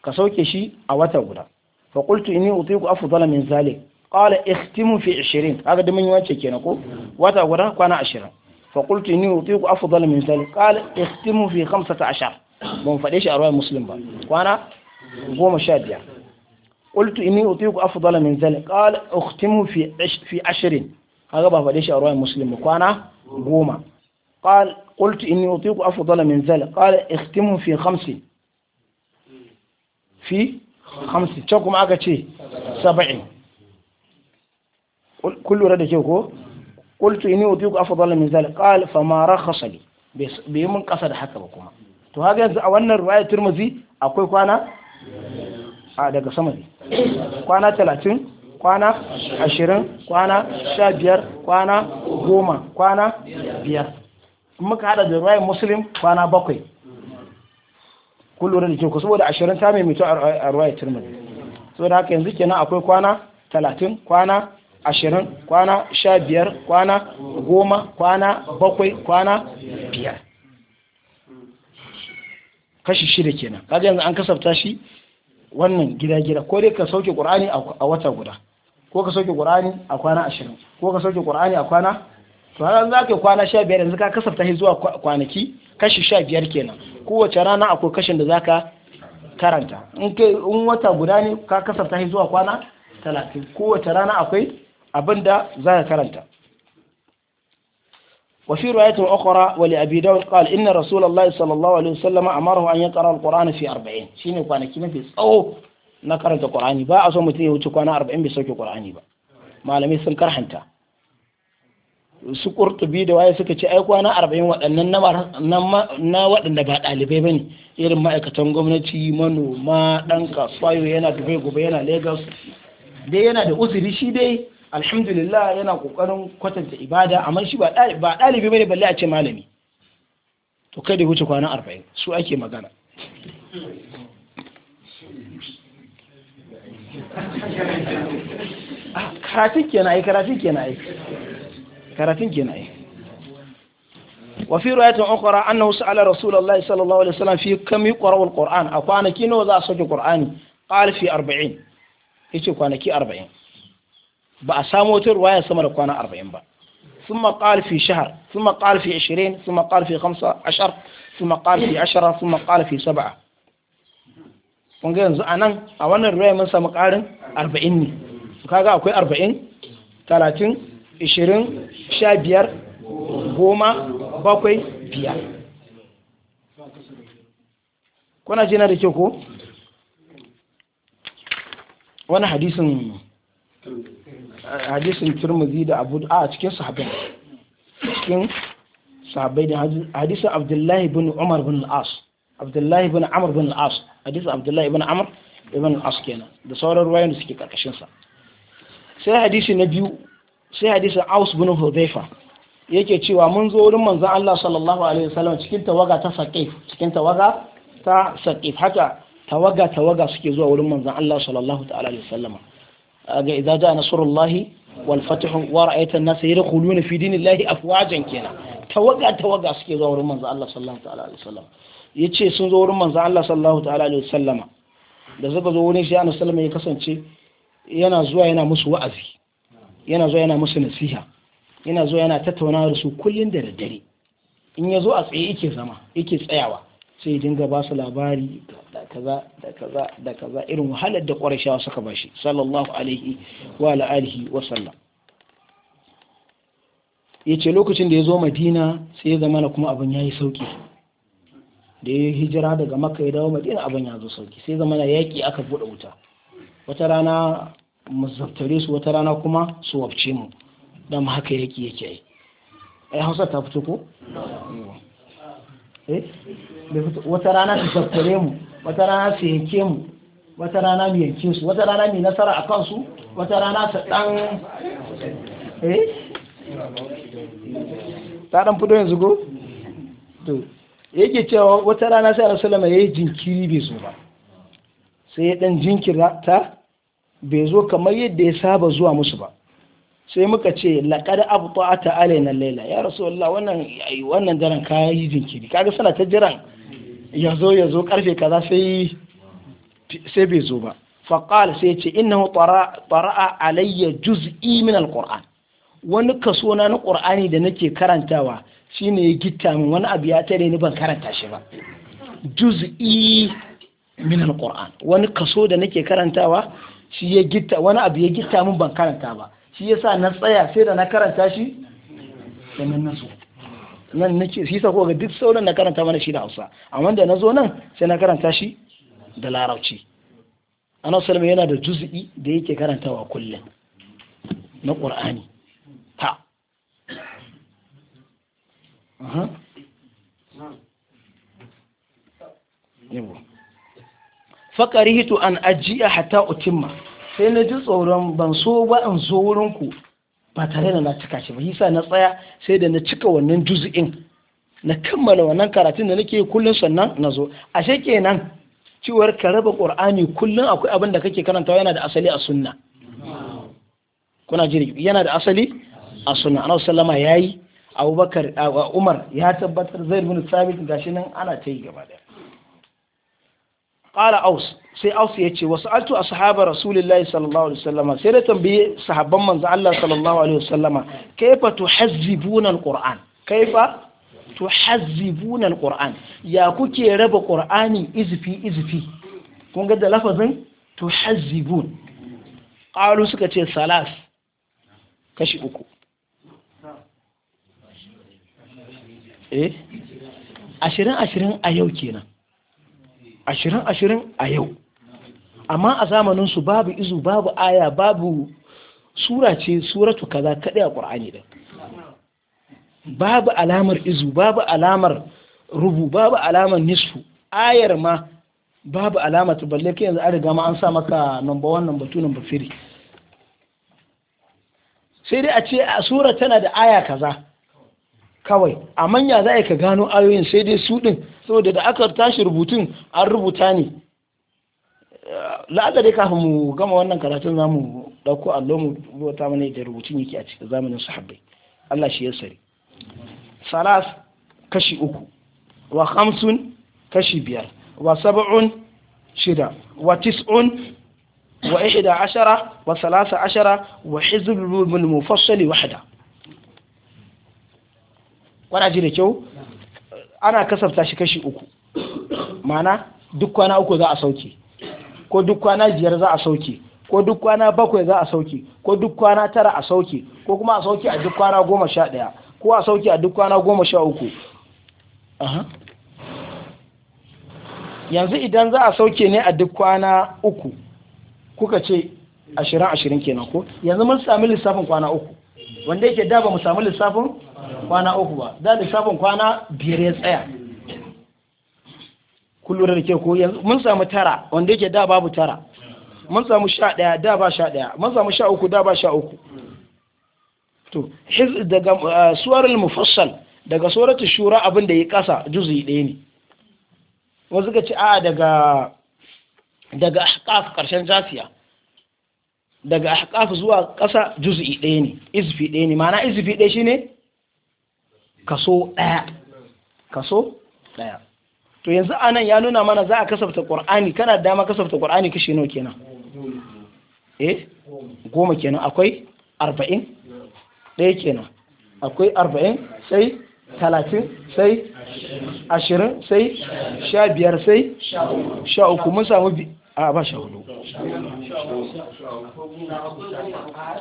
ka sauke shi a wata guda fa qultu inni utiku afdala min zalik qala ihtimu fi 20 kaga da mun yi wace kenan ko wata guda kwana 20 فقلت إني أطيق أفضل من ذلك قال اختموا في خمسة عشر بون فليش أرواي مسلم با وأنا قوم شاد يعني. قلت إني أطيق أفضل من ذلك قال اختموا في في عشرين هذا با فديش أرواي مسلم وأنا قوم قال قلت إني أطيق أفضل من ذلك قال اختموا في خمس في خمس تشوكم معك شيء سبعين كل رد شوكو qultu inni udiku afdal min zalik qala fama rakhasa li bai mun kasa da haka ba kuma to haka yanzu a wannan ruwaya turmuzi akwai kwana daga sama ne kwana talatin kwana ashirin kwana sha kwana goma kwana biyar muka haɗa da ruwayar muslim kwana bakwai kullum da ke ku saboda ashirin ta mai mito a ruwayar turmuzi saboda haka yanzu kenan akwai kwana talatin kwana ashirin kwana sha biyar kwana goma kwana bakwai kwana biyar kashi shida kenan kaga yanzu an kasafta shi wannan gida-gida ko dai ka sauke ƙur'ani a wata guda ko ka sauke ƙur'ani a kwana ashirin ko ka sauke ƙur'ani a kwana to za ka kwana sha biyar yanzu ka kasafta shi zuwa kwanaki kashi sha biyar kenan kowace rana akwai kashin da za ka karanta in wata guda ne ka kasafta shi zuwa kwana talatin kowace rana akwai abinda za ka karanta wa fi ruwayatin okwara wali abidawa kawal inna rasulallah sallallahu alaihi wasallam a marahu an yi karar ƙorani fi arba'in shi ne kwanaki mafi tsawo na karanta ƙorani ba a so mutum ya wuce kwana arba'in bai sauke ƙorani ba malamai sun karhanta su kurtubi da waye suka ce ai kwana arba'in waɗannan na, na, waɗanda ba ɗalibai ba ne irin ma'aikatan gwamnati manoma dan kasuwa yana dubai gobe yana lagos dai yana da uziri shi dai alhamdulillah yana kokarin kwatanta ibada amma shi ba ɗalibi bane balle a ce malami to kada wuce kwanan arba'in su ake magana ah, karatun kenan ai karatun kenan ai karatun kenan ai وفي رواية أخرى أنه سأل رسول الله صلى الله عليه وسلم في كم يقرأ القرآن أو كان كينو ذا صدق القرآن قال في أربعين يتو كان kwanaki أربعين ba a samu wata ruwaya sama da kwana arba'in ba Sun قال shahar sun ثم قال sun عشرين ثم قال في خمسة sun ثم قال في kun ga yanzu a nan a wannan ruwaya mun samu ƙarin arba'in ne kaga akwai arba'in talatin ishirin sha biyar goma bakwai biyar kuna jina da kyau ko wani hadisin hadisin turmuzi da abu a cikin sahabbai cikin sahabbai da hadisin abdullahi bin umar bin al-as abdullahi bin amr bin al-as hadisin abdullahi bin amr ibn al-as kenan da sauran ruwayoyin da suke karkashin sa sai hadisi na biyu sai hadisin aus bin hudhaifa yake cewa mun zo wurin manzon Allah sallallahu alaihi wasallam cikin tawaga ta saqif cikin tawaga ta saqif haka tawaga tawaga suke zuwa wurin manzon Allah sallallahu ta'ala alaihi wasallama ga idza ja'a nasrullahi wal fathu wa ra'aita an-nasa yadkhuluna fi dinillahi afwajan kenan tawaga tawaga suke zuwa wurin manzo Allah sallallahu ta'ala alaihi wasallam yace sun zo wurin manzo Allah sallallahu ta'ala alaihi wasallama da suka zo wurin shi annabi sallallahu ya kasance yana zuwa yana musu wa'azi yana zuwa yana musu nasiha yana zuwa yana tattauna da su kullun da daddare in ya zo a tsaye yake zama yake tsayawa sai dinga ba su labari da kaza da kaza da kaza irin wahalar da ƙwarashawa suka bashi sallallahu alaihi wa alihi wa sallam yace lokacin da ya zo madina sai ya zama na kuma abin ya yi sauki da ya hijira daga makka ya dawo madina abin ya zo sauki sai zama na yaƙi aka buɗe wuta wata rana mu zaftare su wata rana kuma su wafce mu dan haka yaƙi yake ai ai hausa ta fito ko Eh? wata rana su tattare mu wata rana su yanke mu wata rana mu yanke su wata rana mu nasara a kansu wata rana su dan eh ta dan fito yanzu go to yake cewa wata rana sai rasulama yayi jinkiri bai zo ba sai ya dan jinkirta bai zo kamar yadda ya saba zuwa musu ba sai muka ce laƙar ta a na laila ya rasu Allah wannan daren kayan yi jinkiri kaga suna ta jiran ya zo ya zo karfe kaza sai bai zo ba faƙal sai ce innahu a alayya juz'i min alquran wani kaso na na qur'ani da nake karantawa shine ya gitta min wani abu ya tare ni ban karanta shi ba juz'i min alquran wani kaso da nake karantawa shi ya gitta wani abu ya gita min ban karanta ba shi yasa na tsaya sai da na karanta shi sannan na so nan nake shi sako ga duk sauran na karanta mana shi da Hausa amma da na zo nan sai na karanta shi da Larabci Annabi sallallahu yana da juz'i da yake karantawa kullum na Qur'ani ta. aha yabo fakarihtu an ajiya hatta utimma sai na ji tsoron ban so ba in zo wurinku ba tare da na cika shi ba yasa na tsaya sai da na cika wannan juzu'in na kammala wannan karatun da nake kullun sannan na zo ashe kenan cewar ka raba ƙur'ani kullum akwai abin da kake karanta yana da asali a sunna kuna ji yana da asali a sunna annabi sallama yayi abubakar umar ya tabbatar zai bin sabit gashi nan ana ta yi gaba daya qala aus sai aus ya ce wasu altu ashabar rasulullahi sallallahu alaihi wasallama sai da tambaye sahabban manzo Allah sallallahu alaihi wasallama kaifa tuhazzibuna alquran kaifa tuhazzibuna alquran ya kuke raba qur'ani izfi izfi kun ga da lafazin tuhazzibun qalu suka ce salas kashi uku eh ashirin ashirin a yau kenan ashirin ashirin a yau amma a zamaninsu babu izu babu aya babu sura ce suratu kaza kaɗai a ƙur'ani ɗin babu alamar izu babu alamar rubu babu alamar nisfu ayar ma babu alamar balle kai yanzu an riga ma an sa maka number one number two number three sai dai a ce a sura tana da aya kaza kawai a manya za ka gano ayoyin sai dai su ɗin saboda da aka tashi rubutun an rubuta ne la'adari kafin mu gama wannan karatun za mu ɗauko allo mu rubuta mana da rubutun yake a cikin zamanin sahabbai Allah shi ya sari salas kashi uku wa hamsun kashi biyar wa saba'un shida wa tis'un wa ihda ashara wa salasa ashara wa hizbul mufassali wahda kwana ji da kyau ana kasafta shi kashi uku mana duk kwana uku za a sauke ko duk kwana biyar za a sauke ko duk kwana bakwai za a sauke ko duk kwana tara a sauke ko kuma a sauke a duk kwana goma sha ɗaya ko a sauke a duk kwana goma sha uku yanzu idan za a sauke ne a duk kwana uku kuka ce ashirin ashirin kenan ko yanzu mun sami lissafin kwana uku wanda yake da ba mu sami lissafin kwana uku ba da shafin kwana biyar ya tsaya kullum da ke ko yanzu mun samu tara wanda yake da babu tara mun samu sha ɗaya da ba sha ɗaya mun samu sha uku da ba sha uku to daga uh, suwarul mufassal daga suratul shura abin da ya kasa juzuyi ɗaya ne wasu ka ce a daga daga ahqaf karshen jasiya daga ahqaf zuwa kasa juzuyi ɗaya ne izfi ɗaya ne ma'ana izfi ɗaya shine kaso ɗaya kaso ɗaya to yanzu anan ya nuna mana za a kasafta qur'ani kana dama kasafta qur'ani kashi nawa kenan eh goma kenan akwai arba'in ɗaya kenan akwai arba'in sai talatin sai ashirin sai sha biyar sai sha uku mun samu a ba sha hudu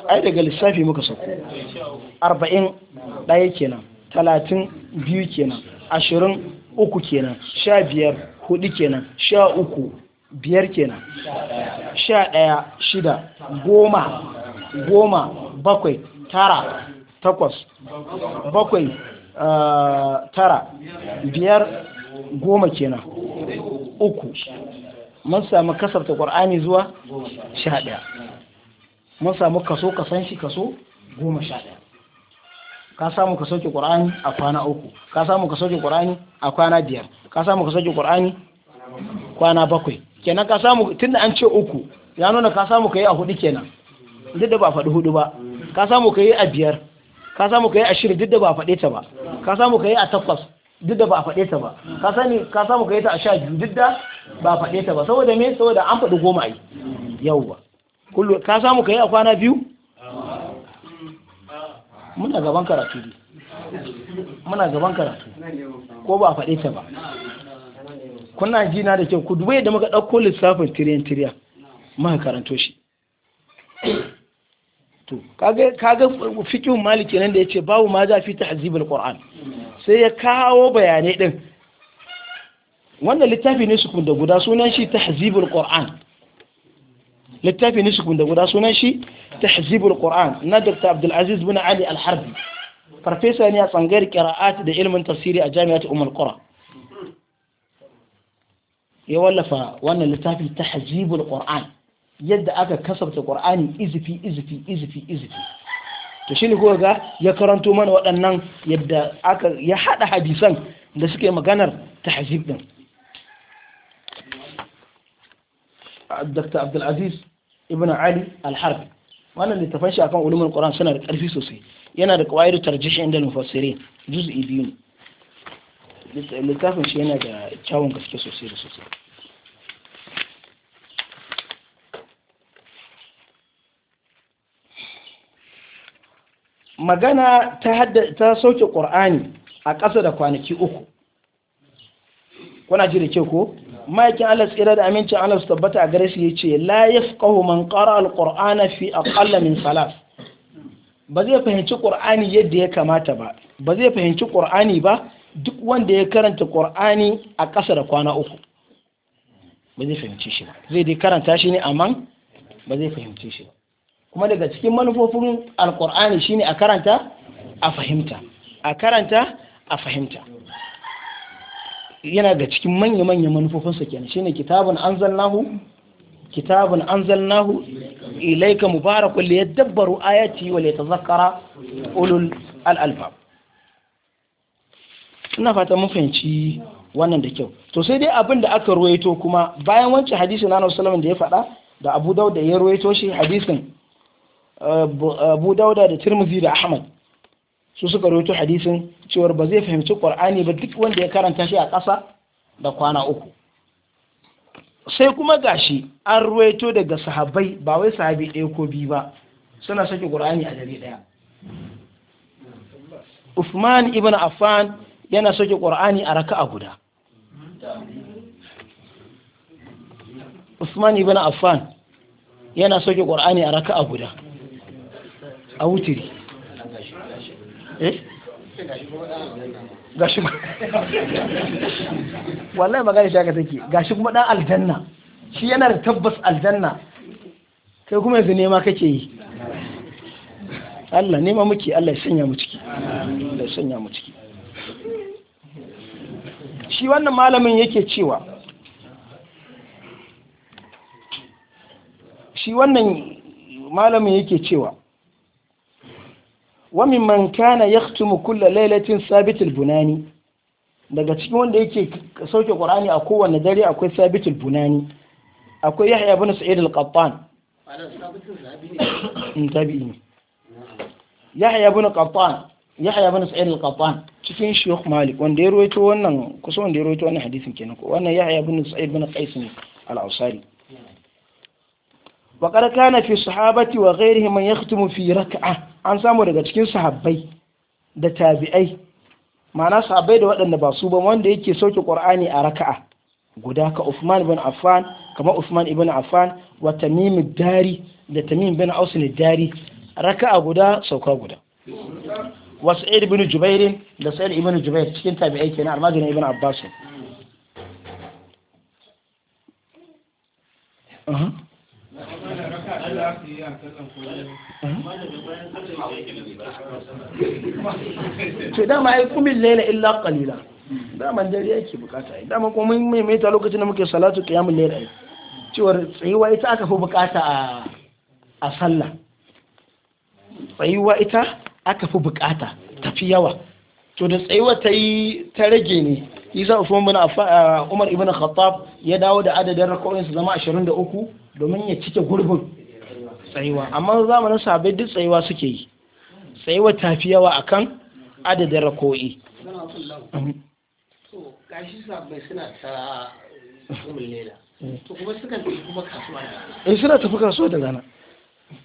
ai daga lissafi muka sauko arba'in ɗaya kenan talatin biyu kenan ashirin uku kenan sha biyar hudu kenan sha uku biyar kenan sha ɗaya shida goma goma bakwai tara takwas bakwai eh, tara biyar goma kenan uku mun samu kasarta ƙwar'ani zuwa sha ɗaya mun samu kaso kasan shi kaso goma sha ɗaya ka samu ka sauke qur'ani a kwana uku ka samu ka sauke qur'ani a kwana biyar ka samu ka sauke qur'ani kwana bakwai kenan ka samu tunda an ce uku ya nuna ka samu ka yi a hudu kenan duk da ba faɗi hudu ba ka samu ka yi a biyar ka samu ka yi a shirin duk da ba faɗe ta ba ka samu ka yi a takwas duk da ba a faɗe ta ba ka sani ka samu ka yi ta a sha biyu duk da ba a faɗe ta ba saboda me saboda an faɗi goma yi yawwa kullu ka samu ka yi a kwana biyu muna gaban karatu ne muna gaban karatu ko ba a faɗe ta ba kuna jina da kyau ku dubai da muka ɗauko lissafin tiriyan tiriya muka karanto shi to kaga kaga fiqhun maliki nan da yace babu ma za fi tahzibul qur'an sai ya kawo bayanai din wannan littafi ne su da guda sunan shi tahzibul qur'an littafi ne da guda sunan shi tahzibul qur'an na dr abdulaziz bin ali alharbi farfesa ne a tsangayar qira'at da ilmin tafsiri a jami'at umar qura ya wallafa wannan littafi tahzibul qur'an yadda aka kasabta qur'ani izifi izifi izifi izifi to shine kuka ga ya karanto mana waɗannan yadda aka ya hada hadisan da suke maganar tahzib din Dr. Abdulaziz ibn ali al-harbi wannan littafin shi akan ulumul qur'an suna da ƙarfi sosai yana da qawaid tarjih inda mufassirin juz'i biyu littafin shi yana da kyawun gaske sosai da sosai magana ta sauke ƙur'ani a ƙasa da kwanaki uku kuna ji da ke ko ma'aikin Allah tsira da amincin Allah su tabbata a gare shi ce, la yafqahu man qara al-qur'ana fi aqalla min salas ba zai fahimci qur'ani yadda ya kamata ba ba zai fahimci qur'ani ba duk wanda ya karanta qur'ani a ƙasa da kwana uku ba zai fahimci shi ba zai dai karanta shi ne amma ba zai fahimci shi ba kuma daga cikin manufofin alqur'ani shine a karanta a fahimta a karanta a fahimta yana da cikin manya-manya manufofinsa kenan shine kitabun anzalnahu kitabun anzalnahu ilaika mubarakun ya dabbaru ayati wa ta zakara ulul al'alfa ina fata mun wannan da kyau to sai dai abin da aka ruwaito kuma bayan wancan hadisin na wasu salamin da ya faɗa da Abu dauda ya ruwaito shi hadisin eh, Abu dauda da Tirmidhi da Ahmad su suka rawaito hadisin cewar ba zai fahimci qur'ani ba duk wanda ya karanta shi a ƙasa da kwana uku sai kuma gashi an rawaito daga sahabbai ba wai sahabi ɗaya ko biyu ba suna saki qur'ani a dare ɗaya Uthman ibn Affan yana saki Qur'ani a raka'a guda. Uthman ibn Affan yana saki Qur'ani a raka'a guda. A wutiri. Eh? gashi wallahi magana shi haka take gashi kuma dan aljanna shi yana da tabbas aljanna kai kuma yanzu nema kake yi Allah nema muke Allah ya sanya mu ciki Allah ya sanya mu ciki shi wannan malamin yake cewa shi wannan malamin yake cewa wa mimman kana yaktumu kulla lailatin sabitul bunani daga cikin wanda yake sauke qur'ani a kowanne dare akwai sabitul bunani akwai yahya ibn sa'id al-qattan mm, tabi'i yahya ibn qattan yahya ibn sa'id al-qattan cikin shaykh malik wanda ya ruwaito wannan kusa wanda ya ruwaito wannan hadisin kenan ko wannan yahya na sa'id ibn qais al-ausari وقد كان في wa وغيرهم man يختم في ركعة an samu daga cikin sahabbai da tabi'ai ma'ana sahabbai da waɗanda ba su ba wanda yake sauke qur'ani a raka'a guda ka Uthman ibn Affan kamar Uthman ibn Affan wa Tamim dari da Tamim ibn Aus dari raka'a guda sauka guda wa Sa'id ibn Jubair da Sa'id ibn Jubair cikin tabi'ai kenan almajirin ibn Abbas Uh-huh. Eh? to dama ai kumin laila illa qalila dama jari yake bukata ai dama kuma mun maimaita lokacin da muke salatu qiyamul layl ai cewar tsayuwa ita aka fi bukata a a sallah tsayuwa ita aka fi bukata tafi yawa to da tsayuwa ta yi ta rage ne isa usman bin umar ibn khattab ya dawo da adadin rakoyin su zama 23 domin ya cike gurbin tsayuwa amma zamanin sahabbai duk tsayuwa suke yi tsayuwa fi yawa akan adadin rako'i in eh, suna tafi kasuwa da rana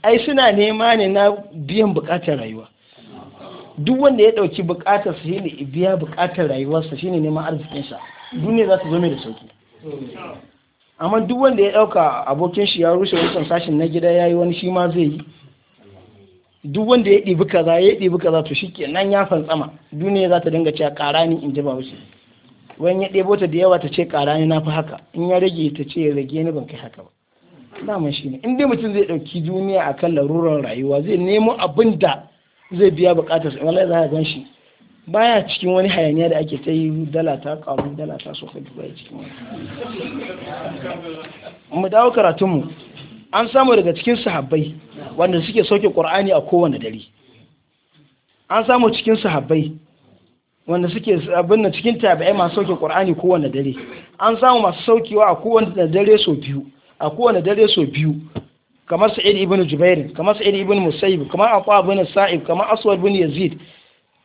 ai suna nema ne na biyan bukatar rayuwa duk wanda ya dauki bukatar su shine biya bukatar rayuwarsa shine neman arzikinsa duniya za ta zo mai da sauki amma duk wanda ya ɗauka abokin shi ya rushe wancan sashin na gida ya yi wani shi ma zai yi duk wanda ya ɗibi kaza ya ɗibi kaza to shi nan ya fantsama duniya za ta dinga cewa ƙara ni in ji ba wuce wani ya ɗebo ta da yawa ta ce ƙara na fi haka in ya rage ta ce ya rage ni ban kai haka ba daman shi ne in dai mutum zai ɗauki duniya akan larurar rayuwa zai nemo abin da zai biya buƙatar sa wallahi za ka gan shi baya cikin wani hayaniya da ake ta yi dala ta karu dala ta so kai baya cikin wani mu dawo karatunmu an samu daga cikin sahabbai wanda suke soke qur'ani a kowane dare an samu cikin sahabbai wanda suke abin da cikin tabi'ai masu sauke qur'ani kowane dare an samu masu saukewa a kowane dare so biyu a kowane dare so biyu kamar sa'id ibn jubair kamar sa'id ibn musayyib kamar aqa ibn sa'ib kamar aswad ibn yazid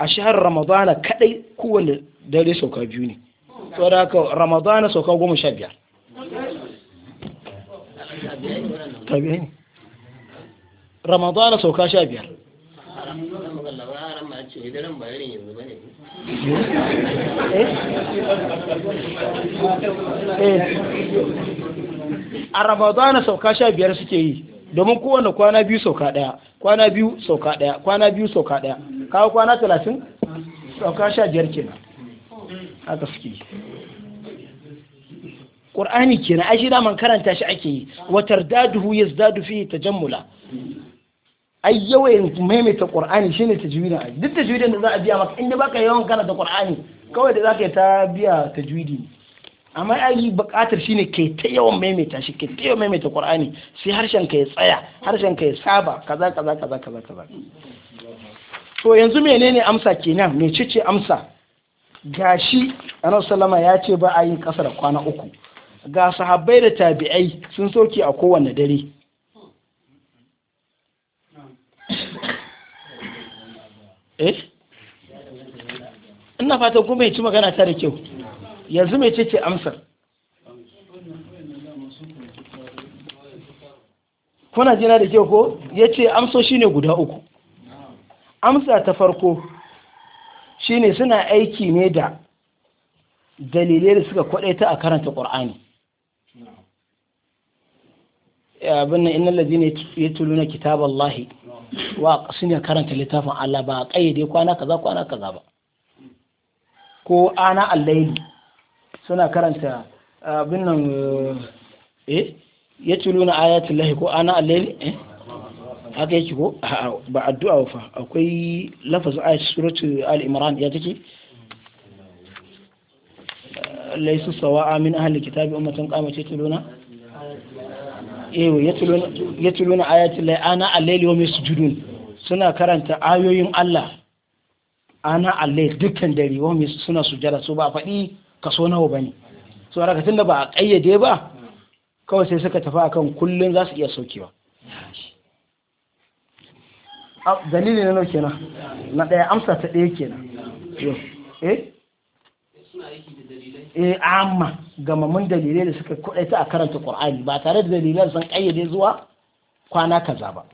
a shahar ramadana kadai kowane dare sauka biyu ne da haka ramadana sauka goma sha biyar ramadana sauka sha biyar eh. a ramadana sauka sha biyar suke yi domin kowane kwana biyu sauka daya kwana biyu sauka daya kwana biyu sauka daya kawo kwana talatin sauka sha biyar kenan haka suke qur'ani kenan ai shi daman karanta shi ake yi watar daduhu yazdadu fi jammula ai yawan maimaita shi shine ta ai duk tajwidin da za a biya maka inda baka yawan karanta ƙur'ani, kawai da zaka yi ta biya ta ne amma ai buƙatar shine ke ta yawan maimaita shi ke ta yawan maimaita qur'ani sai harshen ka ya tsaya harshen ka ya saba kaza kaza kaza kaza kaza to yanzu menene amsa kenan me ce amsa gashi annabi sallama ya ce ba a yi ƙasa da kwana uku ga sahabbai da tabi'ai sun soke a kowanne dare eh? ina fatan kuma ya ci magana ta da kyau yanzu mai ce ce amsar kuna jina da kyau ko ya ce shi ne guda uku amsa ta farko shi ne suna aiki ne da dalilai da suka kwadaita a karanta ƙur'ani abin na inna ne ya na kitab Allahi wa ne karanta littafin Allah ba a ƙayyade kwana kaza kwana kaza ba ko ana allaili suna karanta uh, abin nan uh, eh ya tulu na ayatul lahi ko ana alayli eh haka yake ko ba addu'a fa akwai lafazin ayat suratu al-imran ya take uh, laysu sawa'a min ahli kitabi ummatan qamat yatluna eh yatluna yatluna ayatul lahi ana alayli wa yasjudun suna karanta ayoyin Allah ana alayli dukkan dare wa suna sujada so ba fadi kaso nawa ba ne so a da ba a ƙayyade ba kawai sai suka tafi akan kullum za su iya saukewa ah, dalili na nauke na na ɗaya amsa ta ɗaya kenan eh eh amma gamamin dalilai da suka kudaita a karanta ƙur'ani ba tare da dalilan sun ƙayyade zuwa kwana kaza ba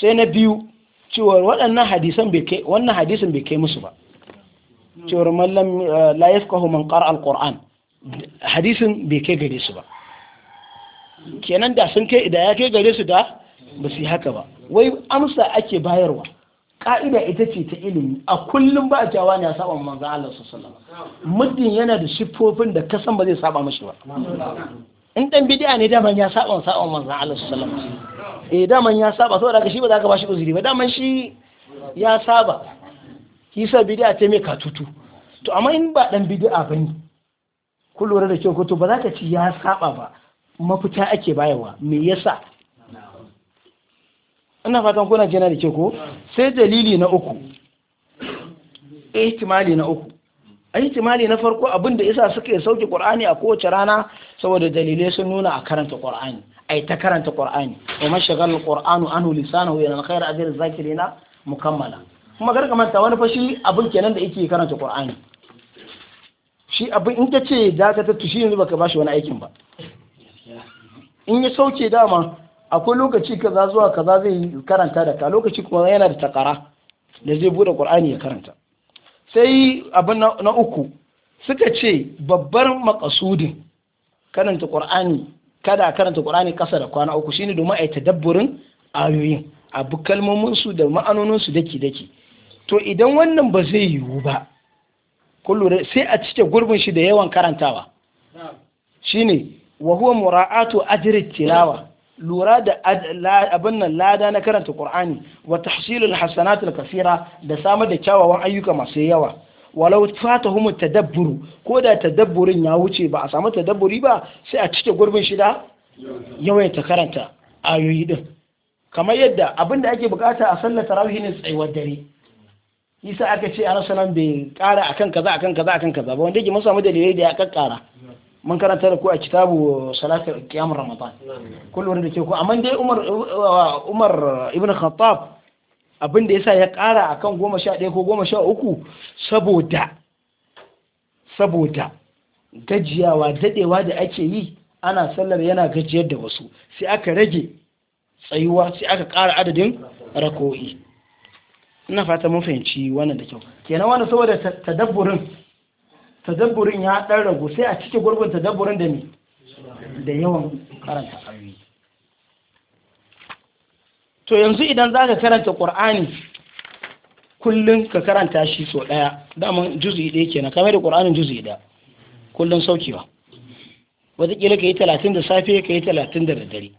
sai na biyu cewa waɗannan hadisan bai kai wannan hadisin bai kai musu ba cewar mallam eh, la yafqahu man qara alquran hadisin bai kai gare su ba kenan da sun kai da ya kai gare su da ba su yi haka ba wai amsa ake bayarwa ka'ida ita ce ta ilimi a kullum ba a cewa ne a saba manzo Allah sallallahu alaihi muddin yana da shifofin da kasan ba zai saba mashi ba in dan bid'a ne man ya saba saba manzo Allah sallallahu alaihi eh man ya saba saboda ka shi ba za ka shi uzuri ba man shi ya saba shi sa bid'a ce mai katutu to amma in ba dan bid'a bane ku lura da kyau to ba za ka ci ya saba ba mafita ake bayarwa me yasa ina fatan kuna jina da ke ko sai dalili na uku ihtimali na uku ihtimali na farko abin da yasa suke sauke qur'ani a kowace rana saboda dalilai sun nuna a karanta qur'ani ai ta karanta qur'ani wa mashagal qur'anu anhu lisanahu yana khair azir zakirina mukammala kuma kar manta wani fashi abin kenan da yake karanta qur'ani shi abin in ta ce za ka tattu shi yanzu baka bashi wani aikin ba in ya sauke dama akwai lokaci kaza zuwa kaza zai karanta da ka lokaci kuma yana da takara da zai bude qur'ani ya karanta sai abin na uku suka ce babbar makasudin karanta qur'ani kada karanta qur'ani kasa da kwana uku shine domin a yi tadabburin ayoyin abu kalmomin su da ma'anonin su daki daki to idan wannan ba zai yiwu ba kullure sai a cike gurbin shi da yawan karantawa shine wa huwa mura'atu ajri tilawa lura da abin nan lada na karanta qur'ani wa tahsilul hasanat al kaseera da samar da kyawawan ayyuka masu yawa walau fatahum tadabburu ko da tadabburin ya wuce ba a samu tadabburi ba sai a cike gurbin shi da yawaita karanta ayoyi din kamar yadda abinda ake bukata a sallar tarawih ne tsayuwar dare isa aka ce annabi nan bai kara akan kaza akan kaza akan kaza ba wanda yake masu samu dalilai da ya kakkara mun karanta da ku a kitabu salatul qiyam ramadan kullu wanda ke ku amma dai umar uh, ibn khattab abin da yasa ya kara akan 11 ko 13 saboda saboda gajiyawa dadewa da ake yi ana sallar yana gajiyar da wasu sai aka rage tsayuwa sai aka kara adadin rako'i ina fata mun fahimci wannan da kyau kenan wannan saboda tadabburin tadabburin ya dan ragu sai a cike gurbin tadabburin da ni da yawan karanta ayoyi to yanzu idan zaka karanta qur'ani kullun ka karanta shi so daya daman juzu'i ɗaya kenan kamar da qur'anin juzu'i ɗaya kullun saukewa wataƙila ka yi talatin da safe ka yi talatin da daddare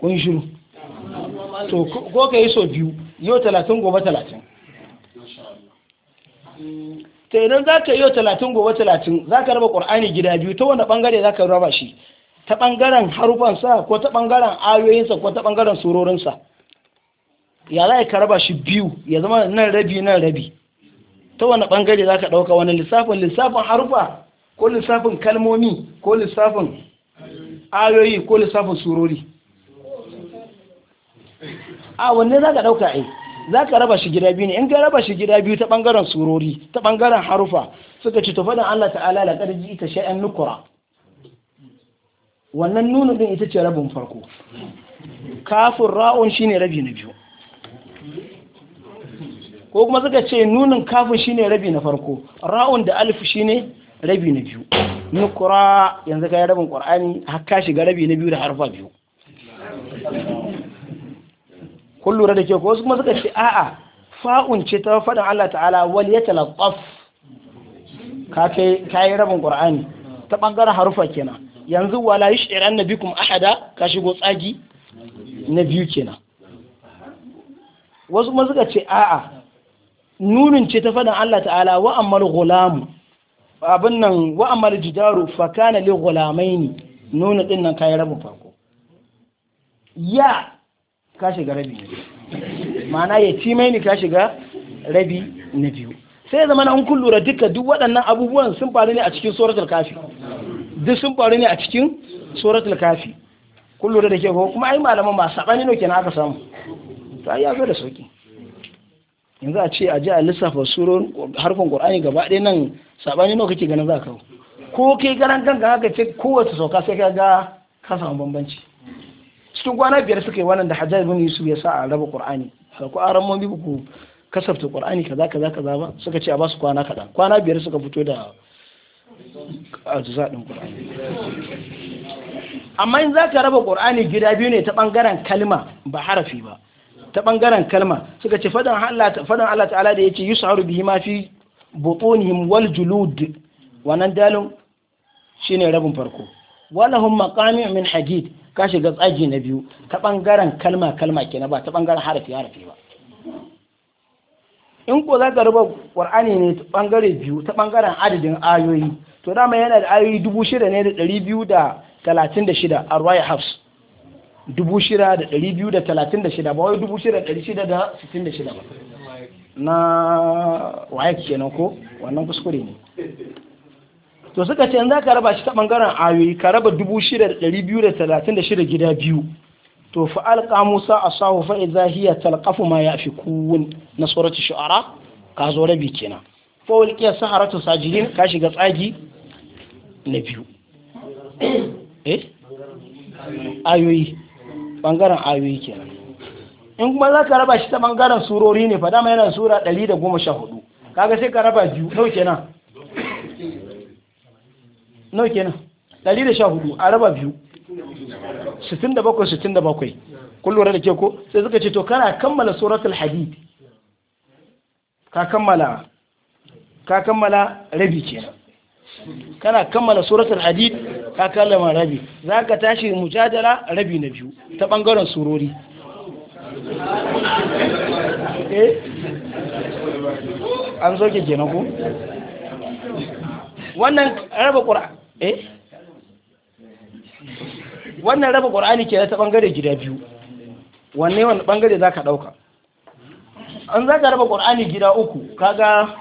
kun shiru to ko ka yi so biyu yau talatin gobe talatin ta idan za ka yau talatin gobe talatin za ka raba ƙur'ani gida biyu ta wanda ɓangare za ka raba shi ta ɓangaren harufansa ko ta ɓangaren ayoyinsa ko ta ɓangaren surorinsa ya za ka raba shi biyu ya zama nan rabi nan rabi ta wanda ɓangare za ka ɗauka wani lissafin lissafin harufa ko lissafin kalmomi ko lissafin ayoyi ko lissafin surori a wanne za ka ɗauka ai eh? za ka raba shi gida biyu ne in ka raba shi gida biyu ta ɓangaren surori ta ɓangaren harufa suka ce tafaɗin Allah ta'ala da ƙarji ita sha'an nukura wannan nuna ɗin ita ce rabin farko kafin ra'un shine rabi na biyu ko kuma suka ce nunin kafin shine rabi na farko ra'un da alif shine rabi na biyu nukura yanzu ka yi rabin ƙwar'ani har ka shiga rabi na biyu da harfa biyu kun lura da ke ko kuma suka ce a'a fa'un ce ta faɗin Allah ta'ala wal ya talaqqaf ka kai yi rabin qur'ani ta bangaren harufa kenan yanzu wala yushiran nabikum ahada ka shigo tsagi na biyu kenan wasu kuma suka ce a'a nunin ce ta faɗin Allah ta'ala wa ammal ghulam abin nan wa ammal jidaru fa kana li ghulamaini nuna din nan kai rabin farko ya ka shiga rabi ma'ana ya ci mai ni ka shiga rabi na biyu sai zama na kun lura duka duk waɗannan abubuwan sun faru ne a cikin suratul kafi duk sun faru ne a cikin suratul kafi kun lura da ke ko kuma ai malaman ba sabani ne kenan aka samu to ai ya zo da sauki yanzu a ce a ji a lissafa surun harfin qur'ani gaba ɗaya nan sabani ne kake ganin za ka ko kai garan kanka haka ce kowace sauka sai ka ga ka samu bambanci cikin kwana biyar suka yi wannan da hajjaj bin yusuf ya sa a raba qur'ani ko aran mun bi ku kasafta qur'ani kaza kaza kaza ba suka ce a basu kwana kaɗan kwana biyar suka fito da ajza din qur'ani amma in zaka raba qur'ani gida biyu ne ta bangaren kalma ba harafi ba ta bangaren kalma suka ce fadan Allah fadan Allah ta'ala da yace yusharu bihi ma fi butunihim wal julud wannan dalin shine rabin farko Wala hum maqami min hadid ka shiga tsaji na biyu ta bangaren kalma kalma kenan ba ta bangaren harafi harafi ba in ko za ka raba qur'ani ne ta bangare biyu ta bangaren adadin ayoyi to dama yana da ayoyi dubu shida ne da ɗari biyu da talatin da shida a hafs dubu shida da ɗari biyu da talatin da shida ba wai dubu shida ɗari shida da sittin da shida ba na waye kenan ko wannan kuskure ne to suka ce in za ka raba shi ta ɓangaren ayoyi ka raba 6,236 gida biyu to fa alqa musa sahu fa idza hiya talqafu ma ya fi kuwun na surati shu'ara ka zo rabi kenan fa ulqiya saharatu sajidin ka shiga tsagi na biyu eh ayoyi bangaren ayoyi kenan in kuma za ka raba shi ta bangaren surori ne fa dama yana sura 114 kaga sai ka raba biyu nau kenan nawa kenan da hudu a raba biyu 67 da kun lura da ke ko sai suka ce to kana kammala suratul hadid ka kammala ka kammala rabi kenan kana kammala suratul hadid ka kammala rabi Za ka tashi mujadala rabi na biyu ta bangaren surori *laughs* eh an zo ke kenan ko wannan raba ƙura. eh wannan raba ƙwar'ani ke ta ɓangare gida biyu wanne wani ɓangare za ka ɗauka an za ka raba ƙwar'ani gida uku kaga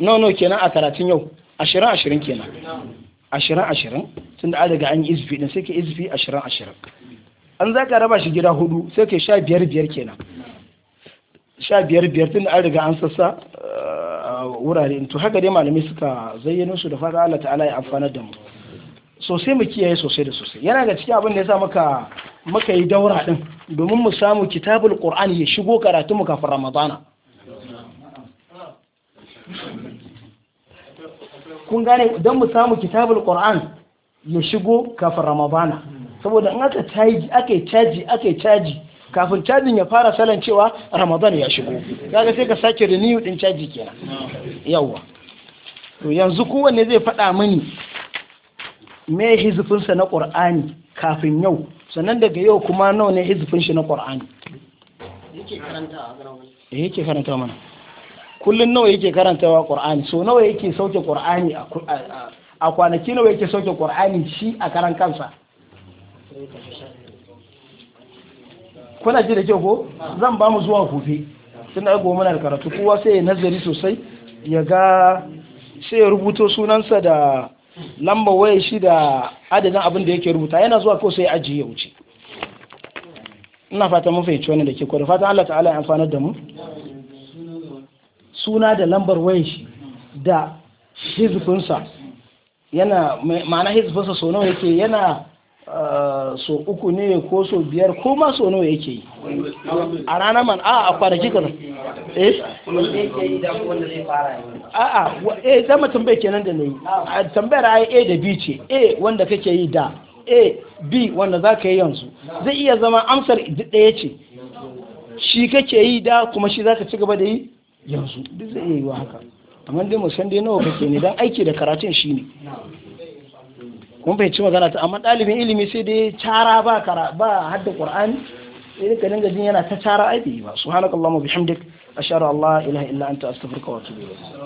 nono kenan a karatun yau ashirin ashirin kenan ashirin ashirin tun da adaga an yi izfi ɗin sai ka izfi ashirin ashirin an za ka raba shi gida hudu sai ka sha biyar biyar kenan sha biyar biyar tun da an riga an sassa wurare to haka dai malamai suka zayyano su da fata Allah ta'ala ya amfana da mu sosai mu kiyaye sosai da sosai yana ga cikin abin da yasa muka muka yi daura din domin mu samu kitabul qur'ani ya shigo karatu mu kafin ramadana kun gane don mu samu kitabul qur'an ya shigo kafin ramadana saboda in aka caji aka caji aka caji kafin cajin ya fara salan cewa ramadan ya shigo kaga sai ka sake renew din caji kenan yawa to yanzu kowanne zai faɗa mini me sa na ƙur'ani kafin yau sannan daga yau kuma nawa ne hizifin shi na ƙur'ani yake karanta eh, mana kullum nawa yake karantawa ƙur'ani so nawa yake sauke ƙur'ani a kwanaki nawa yake sauke ƙur'ani shi a karan kansa kuna ji da kyau ko zan ba mu zuwa gobe tun ya goma da karatu kowa sai ya nazari sosai ya ga sai ya rubuto sunansa da lamba waya shi da adadin abin da yake rubuta yana zuwa ko sai ajiye ya wuce ina fata mun fahimci wannan da ke kwada fatan Allah ta'ala ya amfanar da mu suna da lambar waya shi da hizbinsa yana ma'ana hizbinsa so nawa yake yana Eh, so uku ne ko so biyar ko ma so nawa yake yi a ranar man a a kwanaki kan eh a a eh zama tambayar kenan da na yi. tambayar ai a da b ce a wanda kake yi da a b wanda za ka yi yanzu zai iya zama amsar ɗaya ce shi kake yi da kuma shi za ka ci gaba da yi yanzu duk zai iya yi wa haka amma dai mu san dai nawa kake ne don aiki da karatun shi ne kun fahimci magana ta amma ɗalibin ilimi sai dai cara ba kara ba hadda qur'ani idan ka dinga jin yana ta cara ai ba subhanakallahumma bihamdik ashhadu an la ilaha illa anta astaghfiruka wa atubu ilayk